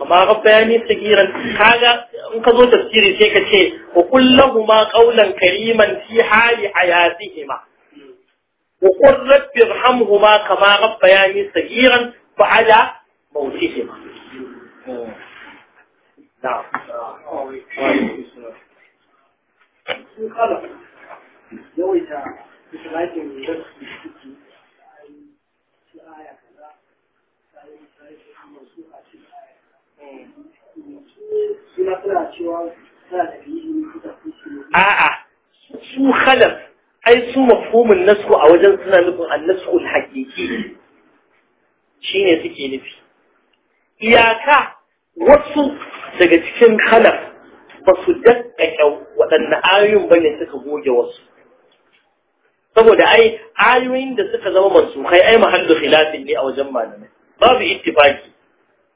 amma bayani sagiran kaga in ka zo tafsiri sai ka ce wa ma qaulan kariman fi hali hayatihima wa qur rabbi irhamhuma kama rabbayani sagiran fa ala mawtihima na'am a'a su khalaf ai su mafhumin nasku a wajen suna nufin annasku al shine suke nufi iyaka wasu daga cikin khalaf ba su kyau waɗanne ayoyin bane suka goge wasu saboda ai ayoyin da suka zama mansukai ai mahallu khilafin ne a wajen malamai babu ittifaqi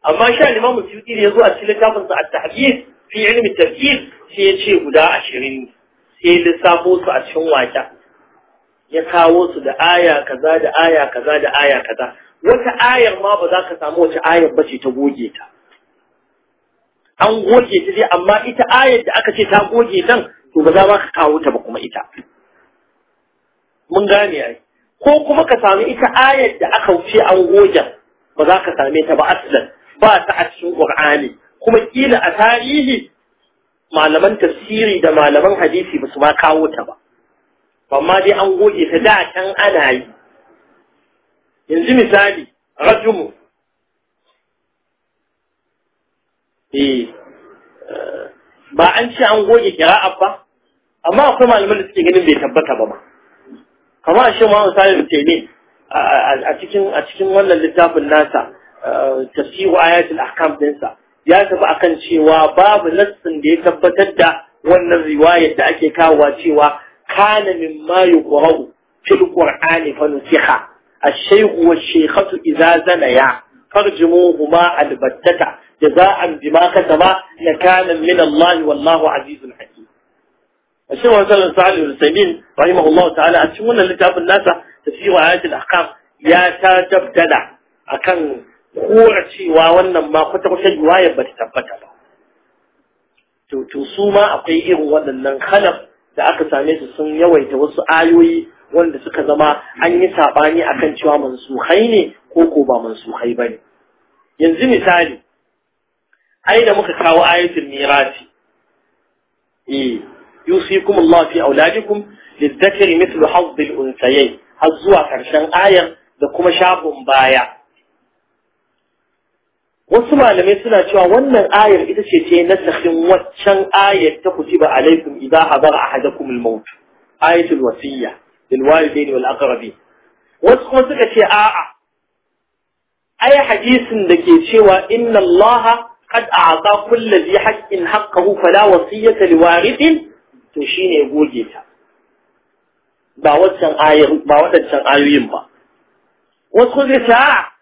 amma sha limamu suyuti ya zo a cikin littafin sa at-tahbis fi ilmi tafsir sai ya ce guda ashirin sai lissafo su a cikin waka ya kawo su da aya kaza da aya kaza da aya kaza wata ayar ma ba za ka samu wace ayar bace ta goge ta an goge ta dai amma ita ayar da aka ce ta goge tan to ba za ka kawo ta ba kuma ita mun gane ai ko kuma ka sami ita ayar da aka wuce an goge ba za ka same ta ba aslan ba ta a cikin Qur'ani kuma kila a tarihi malaman tafsiri da malaman hadisi ba su ma kawo ta ba amma dai an goge ta da can ana yi yanzu misali rajumu eh ba an ce an goge kira'a ba amma akwai malaman da suke ganin bai tabbata ba ma kamar shi ma misalin da ne a cikin a cikin wannan littafin nasa tafiyu ayatul ahkam ya tafi akan cewa babu nassin da ya tabbatar da wannan riwaya da ake kawowa cewa kana min ma yuqra'u fil qur'ani fa nusiha ash-shaykh wa shaykhatu idza zanaya farjumuhuma al-battata jaza'an bima kasaba la kana min Allah wallahu azizun hakim ash-shaykh sallallahu alaihi wasallam rahimahullahu ta'ala a cikin wannan littafin nasa tafsir ayatul ahkam ya ta tabdada akan kora cewa wannan ma kwata-kwata riwayar ba ta tabbata ba to to su ma akwai irin waɗannan halaf da aka same su sun yawaita wasu ayoyi wanda suka zama an yi saɓani akan cewa mansuhai ne ko ko ba mansuhai ba ne yanzu misali ai da muka kawo ayatul mirasi eh yusikum Allah fi auladikum lidhakari mithlu hazzil unsayayn har zuwa ƙarshen ayar da kuma shafin baya wasu malamai suna cewa wannan ayar ita ce ce nasakhin waccan ayar ta kutiba alaikum idza hadara ahadakum al-maut ayatul wasiyya lil walidayn wal aqrabin wasu kuma suka ce a'a ai hadisin da ke cewa inna allaha قد أعطى كل ذي حق حقه wasiyyata وصية لوارث to shine goge ta ba wancan ayoyin ba wadancan ayoyin ba wasu zai a'a.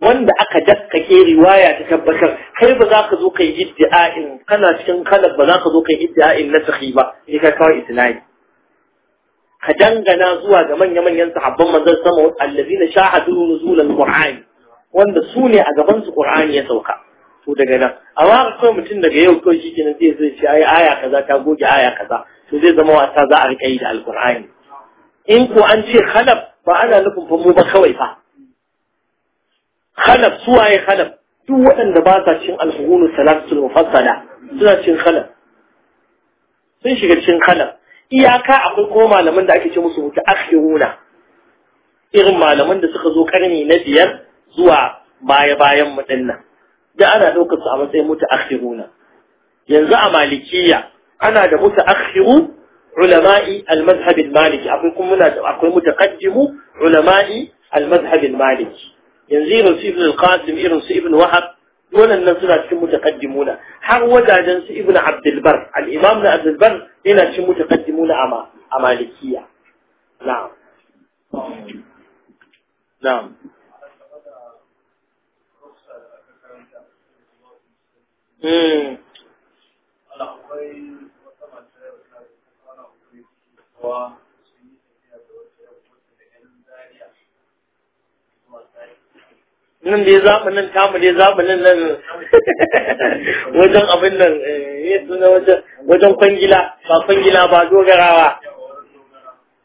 wanda aka daskake riwaya ta tabbatar kai ba za ka zo kai iddia'in kana cikin kalab ba za ka zo kai iddia'in na sahi ba sai ka kawo isnadi ka dangana zuwa ga manya-manyan sahabban manzon sama allazina shahadu nuzulal qur'an wanda su ne a gaban su qur'ani ya sauka to daga nan ka kai mutum daga yau to shi kenan zai zai ce ai aya kaza ta goge aya kaza to zai zama wasa za a rike yi da alqur'ani in ko an ce kalab ba ana nufin fa mu ba kawai fa khalaf suwaye khalaf duk waɗanda ba sa cin alhugunu salatul mufassala suna cin khalaf sun shiga cin khalaf iyaka akwai ko malaman da ake ce musu mutu akhiruna irin malaman da suka zo karni na biyar zuwa baya bayan mu dinnan da ana ɗaukar su a matsayin mutu akhiruna yanzu a malikiya ana da mutu akhiru ulama'i al-mazhab al-maliki akwai kuma akwai mutaqaddimu ulama'i al-mazhab al-maliki ينزير ابن القاسم إيه ابن بن وحد دون النصرة النزرة متقدمون حوّد جنس ابن عبد البر الإمام عبد البر إلى شم متقدمون أما أمالكية نعم نعم Well, nan nan kama da ya zaɓi nan wajen abin nan eh, eh, wajen kwangila ba kwangila ba dogarawa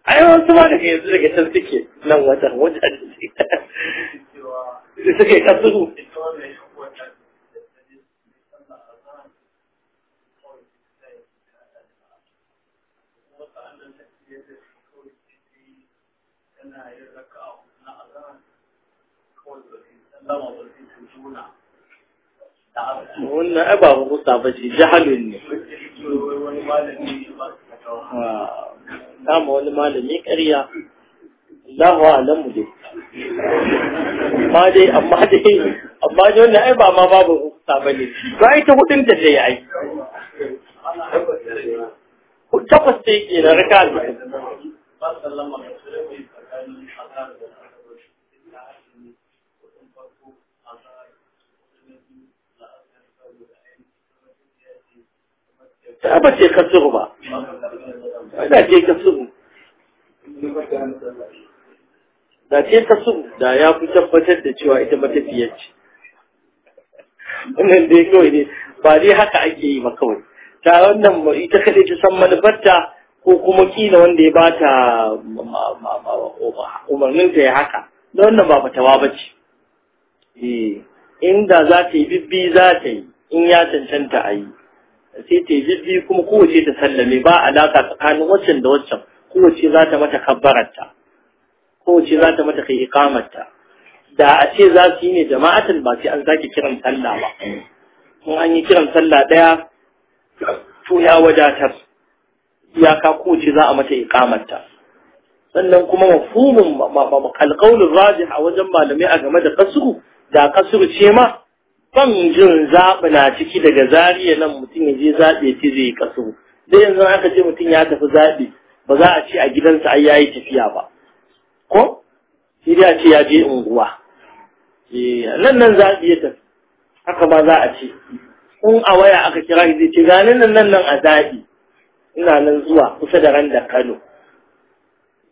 ai wasu ma daga yanzu daga can suke nan wajen wajen suke kasu wannan ai ba kusa ba ce jahalun ne kama ah, wani malami ƙarya lahuwa alamu ne. amma dai amma dai amma dai wannan ai ba ma babu kusa ba ne ba yi ta hudun da zai yi? takwas sai ke na rika ta ba ce ba da ce kasuru da ce da ya fi tabbatar da cewa ita matafiyar ce wannan dai kawai ne ba dai haka ake yi ba kawai ta wannan ita kaɗai ta san manufarta ko kuma kila wanda ya bata umarninta ya haka da wannan ba fatawa ba ce eh, inda za ta yi bibbi za ta yi in ya cancanta a yi sai ta yi kuma kowace ta sallame ba alaka tsakanin waccan da waccan kowace za ta mata kabbararta kowace za ta mata kai ikamarta da a ce za su yi ne jama'atan ba sai an sake kiran sallah ba kuma an yi kiran sallah daya to ya wadatar iyaka kowace za a mata ikamarta sannan kuma mafumin alƙaunin raji a wajen malamai a game da kasuru da kasuru ce ma kan jin zaɓi na ciki daga zariya nan mutum ya je zaɓe ce zai kaso dai yanzu aka ce mutum ya tafi zaɓe ba za a ce a gidansa ai yayi tafiya ba ko sai dai a ce ya je unguwa eh, nan nan zaɓi ya tafi haka ma za a ce in a waya aka kira shi zai ce ganin nan nan nan a zaɓi ina nan zuwa kusa da ran da Kano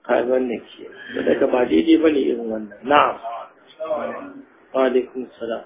ka wannan ke daga ba daidai bane irin wannan na'am wa alaikum salam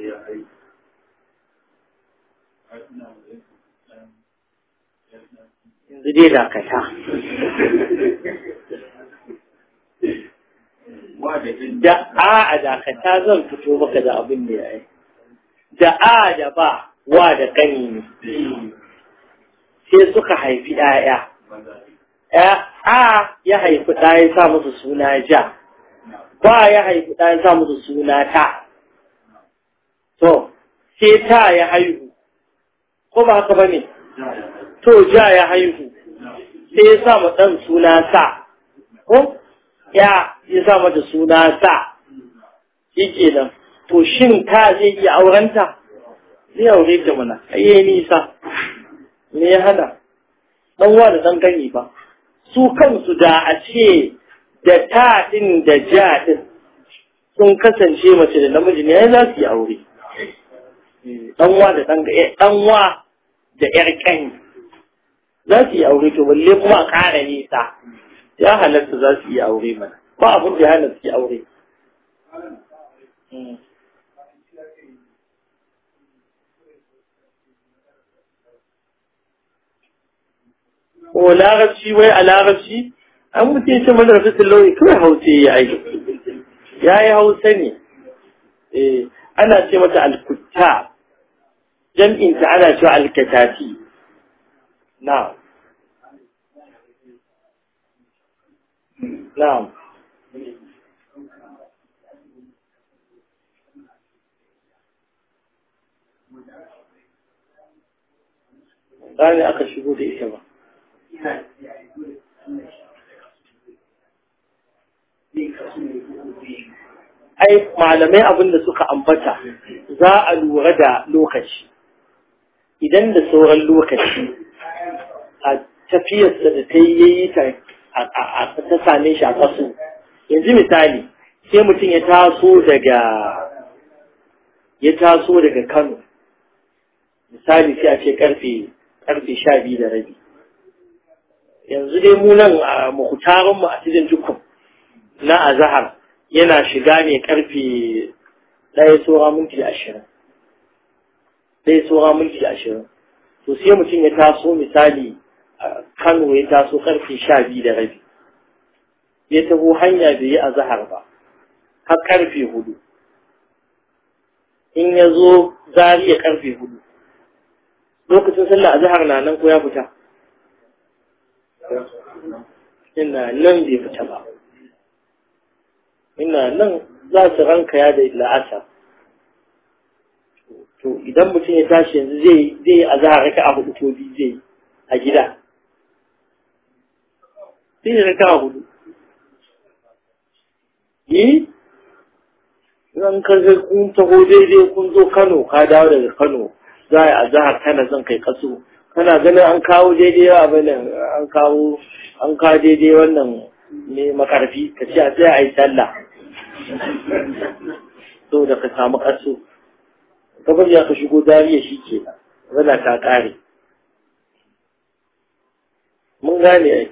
yanzu dai dakata da a a dakata zan fito maka da abin da ya yi da a da ba wa da kani ne sai suka haifi ɗaya a ya haifi ɗaya sa musu suna ja ba ya haifi ɗaya sa musu suna ta to sai ta ya haihu ko ba haka ba ne to ja ya haihu sai ya sa ɗan suna sa ko ya ya sa mata suna sa shi nan. to shin ka zai iya aurenta zai aure ta mana ai nisa me ya hada dan da dan gani ba su kansu da a ce da ta din da ja din sun kasance mace da namiji ne za su yi aure dan wa da dan eh, dan da yar kani za su yi aure to balle kuma a ƙara nisa ya halatta za su yi aure mana ba abin da ya halatta su yi aure hmm. ko larabci wai a larabci an mutum ce mana rafisun launi kawai hausa ya yi ya yi hausa ne eh, ana ce mata alkutta jam'inta ana cewa alkatafi نعم نعم gane aka shigo da ita ba malamai abin da suka ambata za a lura da lokaci idan da sauran lokaci a tafiyarsa da ta yi ta ta same shi a kasu. yanzu misali sai mutum ya taso daga ya taso daga kano misali sai a ce karfe karfe sha biyu da rabi yanzu dai mu nan a makutarun mu a cikin dukkan na azahar yana shiga ne karfe ɗaya tsohon minti ashirin ɗaya tsohon minti ashirin to sai mutum ya taso misali Kano ya taso karfe sha biyu da rabi ya taho hanya bai yi a zahar ba har karfe hudu in ya zo zariya karfe hudu lokacin sallah a zahar na nan ko ya fita ina nan bai fita ba ina nan za su ranka ya da la'asa to idan mutum ya tashi yanzu zai yi a zahar ka abu ko biyu zai a gida sun yi raka hudu yi zan kaga kun taho daidai kun zo kano ka dawo daga kano za a zahar kana zan kai kaso kana ganin an kawo daidai a bayan an kawo an kawo daidai wannan ne makarfi ka ce a sai a yi sallah so da ka samu kaso gabar ya ka shigo dariya shi ke nan ta kare mun gane ai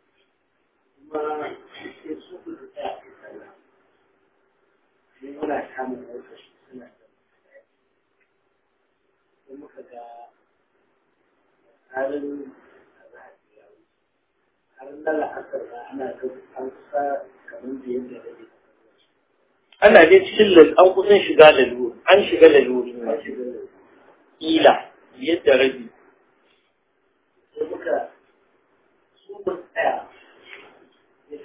muna samun lokaci suna da sai muka ga tsarin tsarin dala asar ba ana da an da ana dai cikin lal an kusan shiga lalurin. an shiga lalurin. ila yadda rabi sai muka su mun tsaya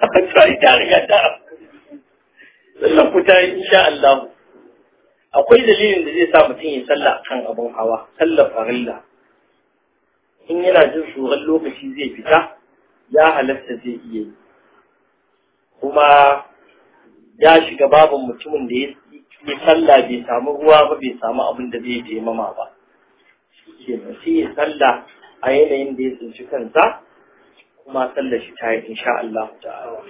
sai ku insha Allah akwai dalilin da zai sa mutum yin sallah kan abin hawa sallar farilla in yana jin tsoron lokaci zai fita ya halatta zai iya yi kuma ya shiga babin mutumin da ya salla bai samu ruwa ba bai samu abin da zai je mama ba shi ya salla a yanayin da ya tsinci kansa kuma sallar shi ta yi insha Allah ta'ala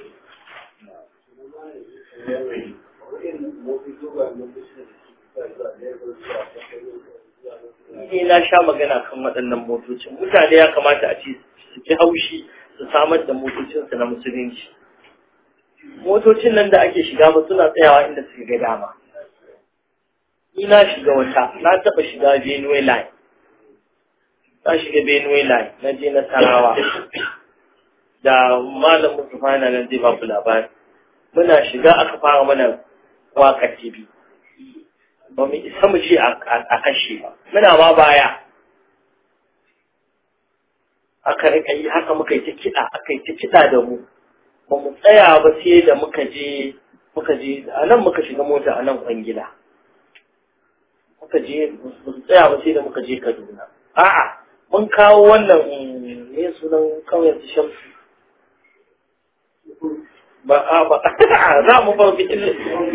ni na sha magana kan waɗannan motocin mutane ya kamata a ce su haushi su samar da motocinsu na musulunci motocin nan da ake shiga ba suna tsayawa inda suka ga dama ni na shiga wata na taɓa shiga benue line na shiga benue line na je na Tarawa. da malam Mustafa nan zai ba ku labari muna shiga aka fara mana waka TV ba mu isa mu ce a kashe ba muna ma baya aka rika yi haka muka yi ta kiɗa aka yi ta kiɗa da mu ba mu tsaya ba sai da muka je muka je a nan muka shiga mota a nan kwangila muka je ba mu tsaya ba sai da muka je Kaduna a'a mun kawo wannan ne sunan kawai su shamsu ba a ba za mu ba bikin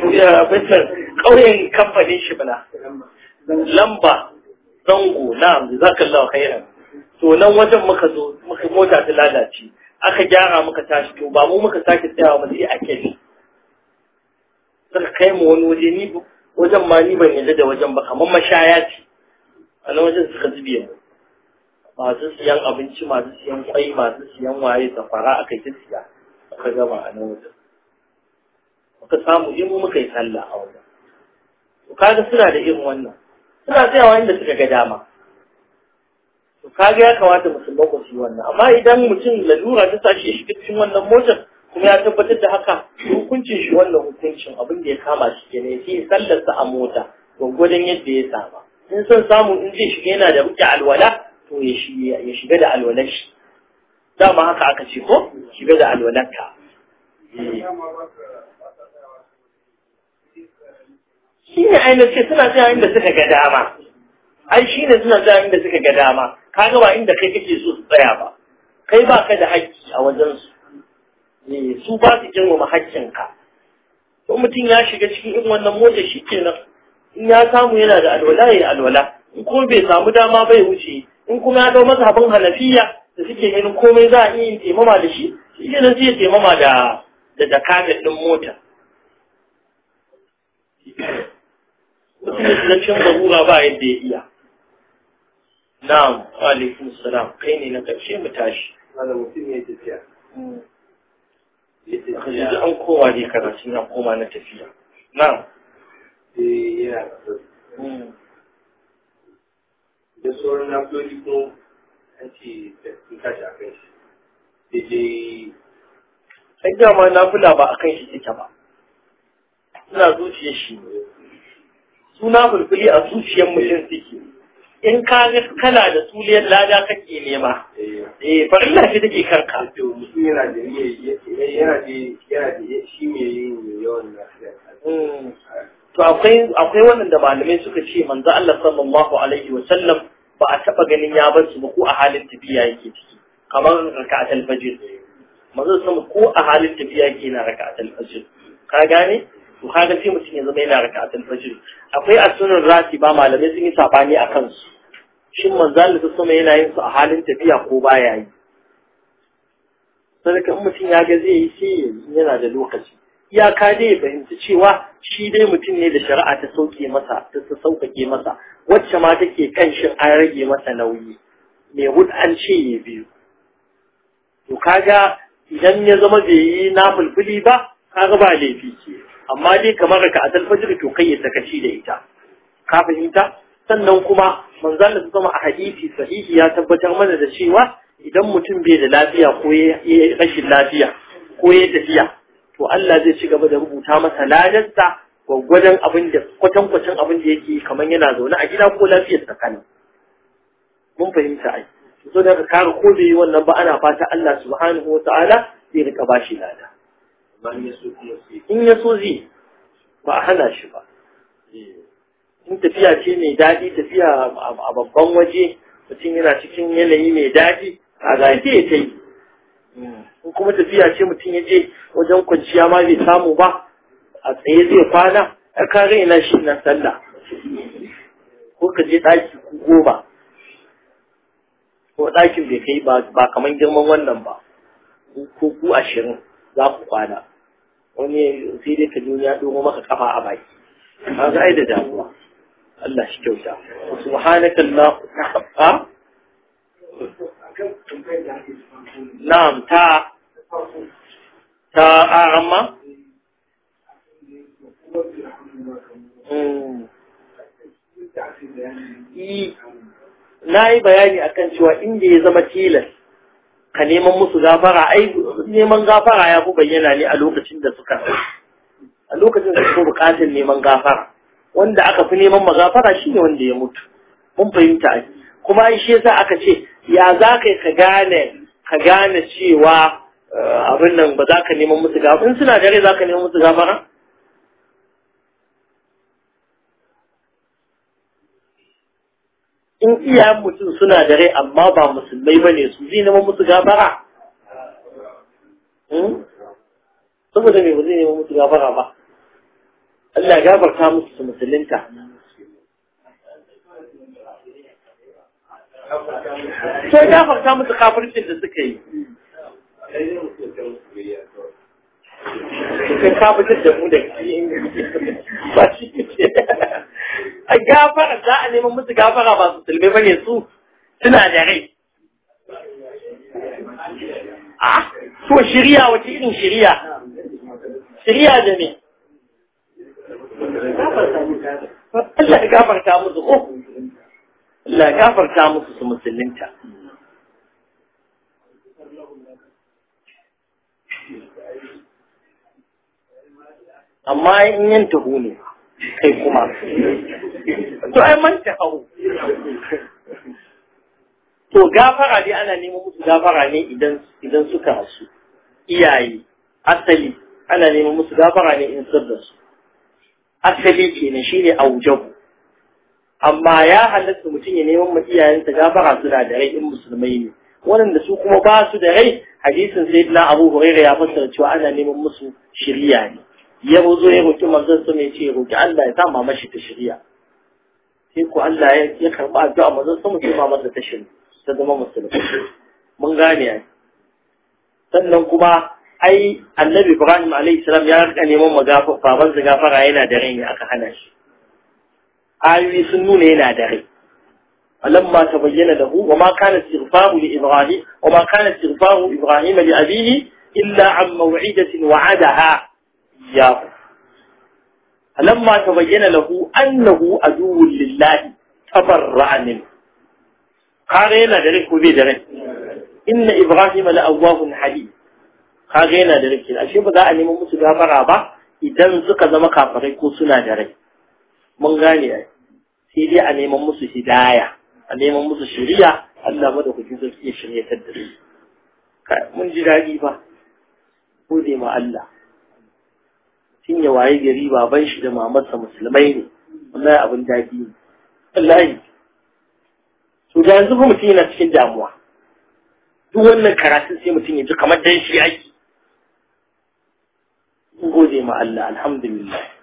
bisan ƙauyen kamfanin shi bala lamba zango na za jazakallahu khairan to nan wajen muka zo muka mota ta lalace aka gyara muka tashi to ba mu muka sake tsayawa ba sai a ne suka kai mu wani waje ni wajen ma ni ban yarda da wajen ba kamar mashaya ce a nan wajen suka zube mu masu siyan abinci masu siyan kwai masu siyan waye safara aka yi ta siya kuka gama a nan wajen muka samu in muka yi sallah a wajen to kaga suna da irin wannan suna tsayawa inda suka ga dama to kaga ya kamata musulman ku yi wannan amma idan mutum lalura ta sashi ya shiga cikin wannan motar kuma ya tabbatar da haka hukuncin shi wannan hukuncin abin da ya kama shi kenan sallar sallarsa a mota gwaggwadon yadda ya saba in son samu in zai shiga yana da rike alwala to ya shiga da alwalar shi dama haka aka ce ko shi bai da alwalarka shi ne ainihin ce suna tsaya inda suka ga dama ai shi ne suna tsaya inda suka ga dama ka gaba inda kai kake so su tsaya ba kai ba ka da haƙƙi a wajensu eh, su ba su girmama haƙƙinka ko mutum ya shiga cikin irin wannan mota shi kenan in ya samu yana da alwala ya alwala in kuma bai samu dama bai wuce in kuma ya masa abin hanafiya da suke ganin komai za a iya yin taimama da shi shi ke nan zai taimama da da jakamin ɗin mota mutum da zancen zarura ba yadda ya iya na'am alaikum salam kai ne na ƙarshe mu tashi wanda mutum ya tafiya hmm. yanzu an kowa ne karatu na koma na tafiya na'am eh sauran hmm. da sauran nafoli kuma an ce sun tashi a kan shi daidai ai dama na kula ba a kan shi take ba suna zuciyar shi suna fulfuli a zuciyar mutum suke in ka ga kana da suliyar lada kake nema eh. eh farilla ce take karka to mutum yana da yana da yana da shi ne yawan hmm. to akwai akwai wannan da malamai suka ce manzo Allah sallallahu alaihi wa sallam ba a taɓa ganin ya bar su ba ko a halin tafiya yake ciki kamar raka'atul fajr manzon sama ko a halin tafiya yake na raka'atul fajr ka gane to ga sai mutum ya zama yana raka'atul fajr akwai as-sunan ba malamai sun yi sabani akan su shin manzon da sama yana yin su a halin tafiya ko baya yi sai kan mutum ya ga zai yi sai yana da lokaci iyaka dai ya fahimci cewa shi dai mutum ne da shari'a ta sauke masa ta sauƙaƙe masa wacce ma take kan shi an rage masa nauyi mai wud ce ya biyu to kaga idan ya zama bai yi na fulfuli ba kaga ba laifi ke, amma dai kamar ka a talfajir to kai ya sakaci da ita ka fahimta sannan kuma manzon da zama a hadisi sahihi ya tabbatar mana da cewa idan mutum bai da lafiya ko ya rashin lafiya ko ya tafiya to Allah zai ci gaba da rubuta masa lalasta gwaggwadan abin da kwatankwacin abin da yake kamar yana zaune a gida ko lafiyar tsakani mun fahimta ai so da ka kare ko da yi wannan ba ana fata Allah subhanahu wa ta'ala zai rika bashi lada in ya so zai ba a hana shi ba in tafiya ce mai daɗi tafiya a babban waje mutum yana cikin yanayi mai daɗi a zai ya ta yi kuma tafiya ce mutum ya je wajen kwanciya ma bai samu ba a tsaye zai kwana a kare ina shi na sallah ko ka je ɗaki ku goma ko ɗakin bai kai ba kamar girman wannan ba ko ku ashirin za ku kwana wani sai dai ka duniya ɗoma maka kafa a baki ka ga ai da damuwa Allah shi kyauta subhanakallahumma نعم تا تا amma hmm. na yi bayani a kan cewa inda ya zama tilas ka neman musu gafara ai neman gafara ya fi bayyana ne a lokacin da suka a lokacin da suka bukatar neman gafara wanda aka fi neman magafara shine wanda ya mutu mun fahimta ai kuma ai shi yasa aka ce ya za ka ka gane ka gane cewa eh, abin nan ba za ka neman musu gafara in suna dare za ka neman musu gafara in iyayen mutum suna dare amma ba musulmai ba ne su zai neman musu gafara hmm? saboda me ba zai neman musu gafara ba Allah gafarta musu su musulunta Sai ya farka mutu kafircin da suka yi ka kafitar da mu da ba shi ce a gafara za a neman musu gafara ba su sulme ba ne su suna da rai a so shirya wace irin shirya shirya da me Allah ya gafarta musu ko Allah gafarta musu su musulunta amma in yin taho ne kai kuma to ai man taho to gafara dai ana neman musu gafara ne idan idan suka rasu iyaye asali ana neman musu gafara ne in sun rasu asali kenan shine aujabu amma ya halatta mutum ya neman ma iyayensa gafara suna da rai in musulmai ne waɗanda su kuma ba su da rai hadisin sai na abu huraira ya fassara cewa ana neman musu shirya ne ya zo ya roki manzon sa mai ce roki Allah ya sa mama shi ta shirya. sai ko Allah ya karba addu'a manzon sa mutum ma masa ta shiri ta zama musulmi mun gane ai sannan kuma ai annabi Ibrahim alaihi salam ya rika neman magafa baban gafara yana da rai ne aka hana shi ayoyi سنون nuna داري لما تبين له وما كان استغفار لإبراهيم وما كان استغفار إبراهيم لأبيه إلا عن موعدة وعدها إياه لما تبين له أنه عدو لله تبرأ منه قال ذلك درك وبي إن إبراهيم لأواه حليم قال ذلك الأشياء بدأ أن يمسك هذا إذا سقى زمك أفريكو سنا ذلك من غاني sai dai a neman musu hidaya a neman musu shari'a Allah madaukakin sarki ya shiryatar da su mun ji daɗi ba dai ma Allah tun ya waye gari baban shi da mamarsa musulmai ne wallahi abin daɗi ne wallahi to da yanzu fa mutum yana cikin damuwa duk wannan karatun sai mutum ya ji kamar dan shi ake gode ma Allah alhamdulillah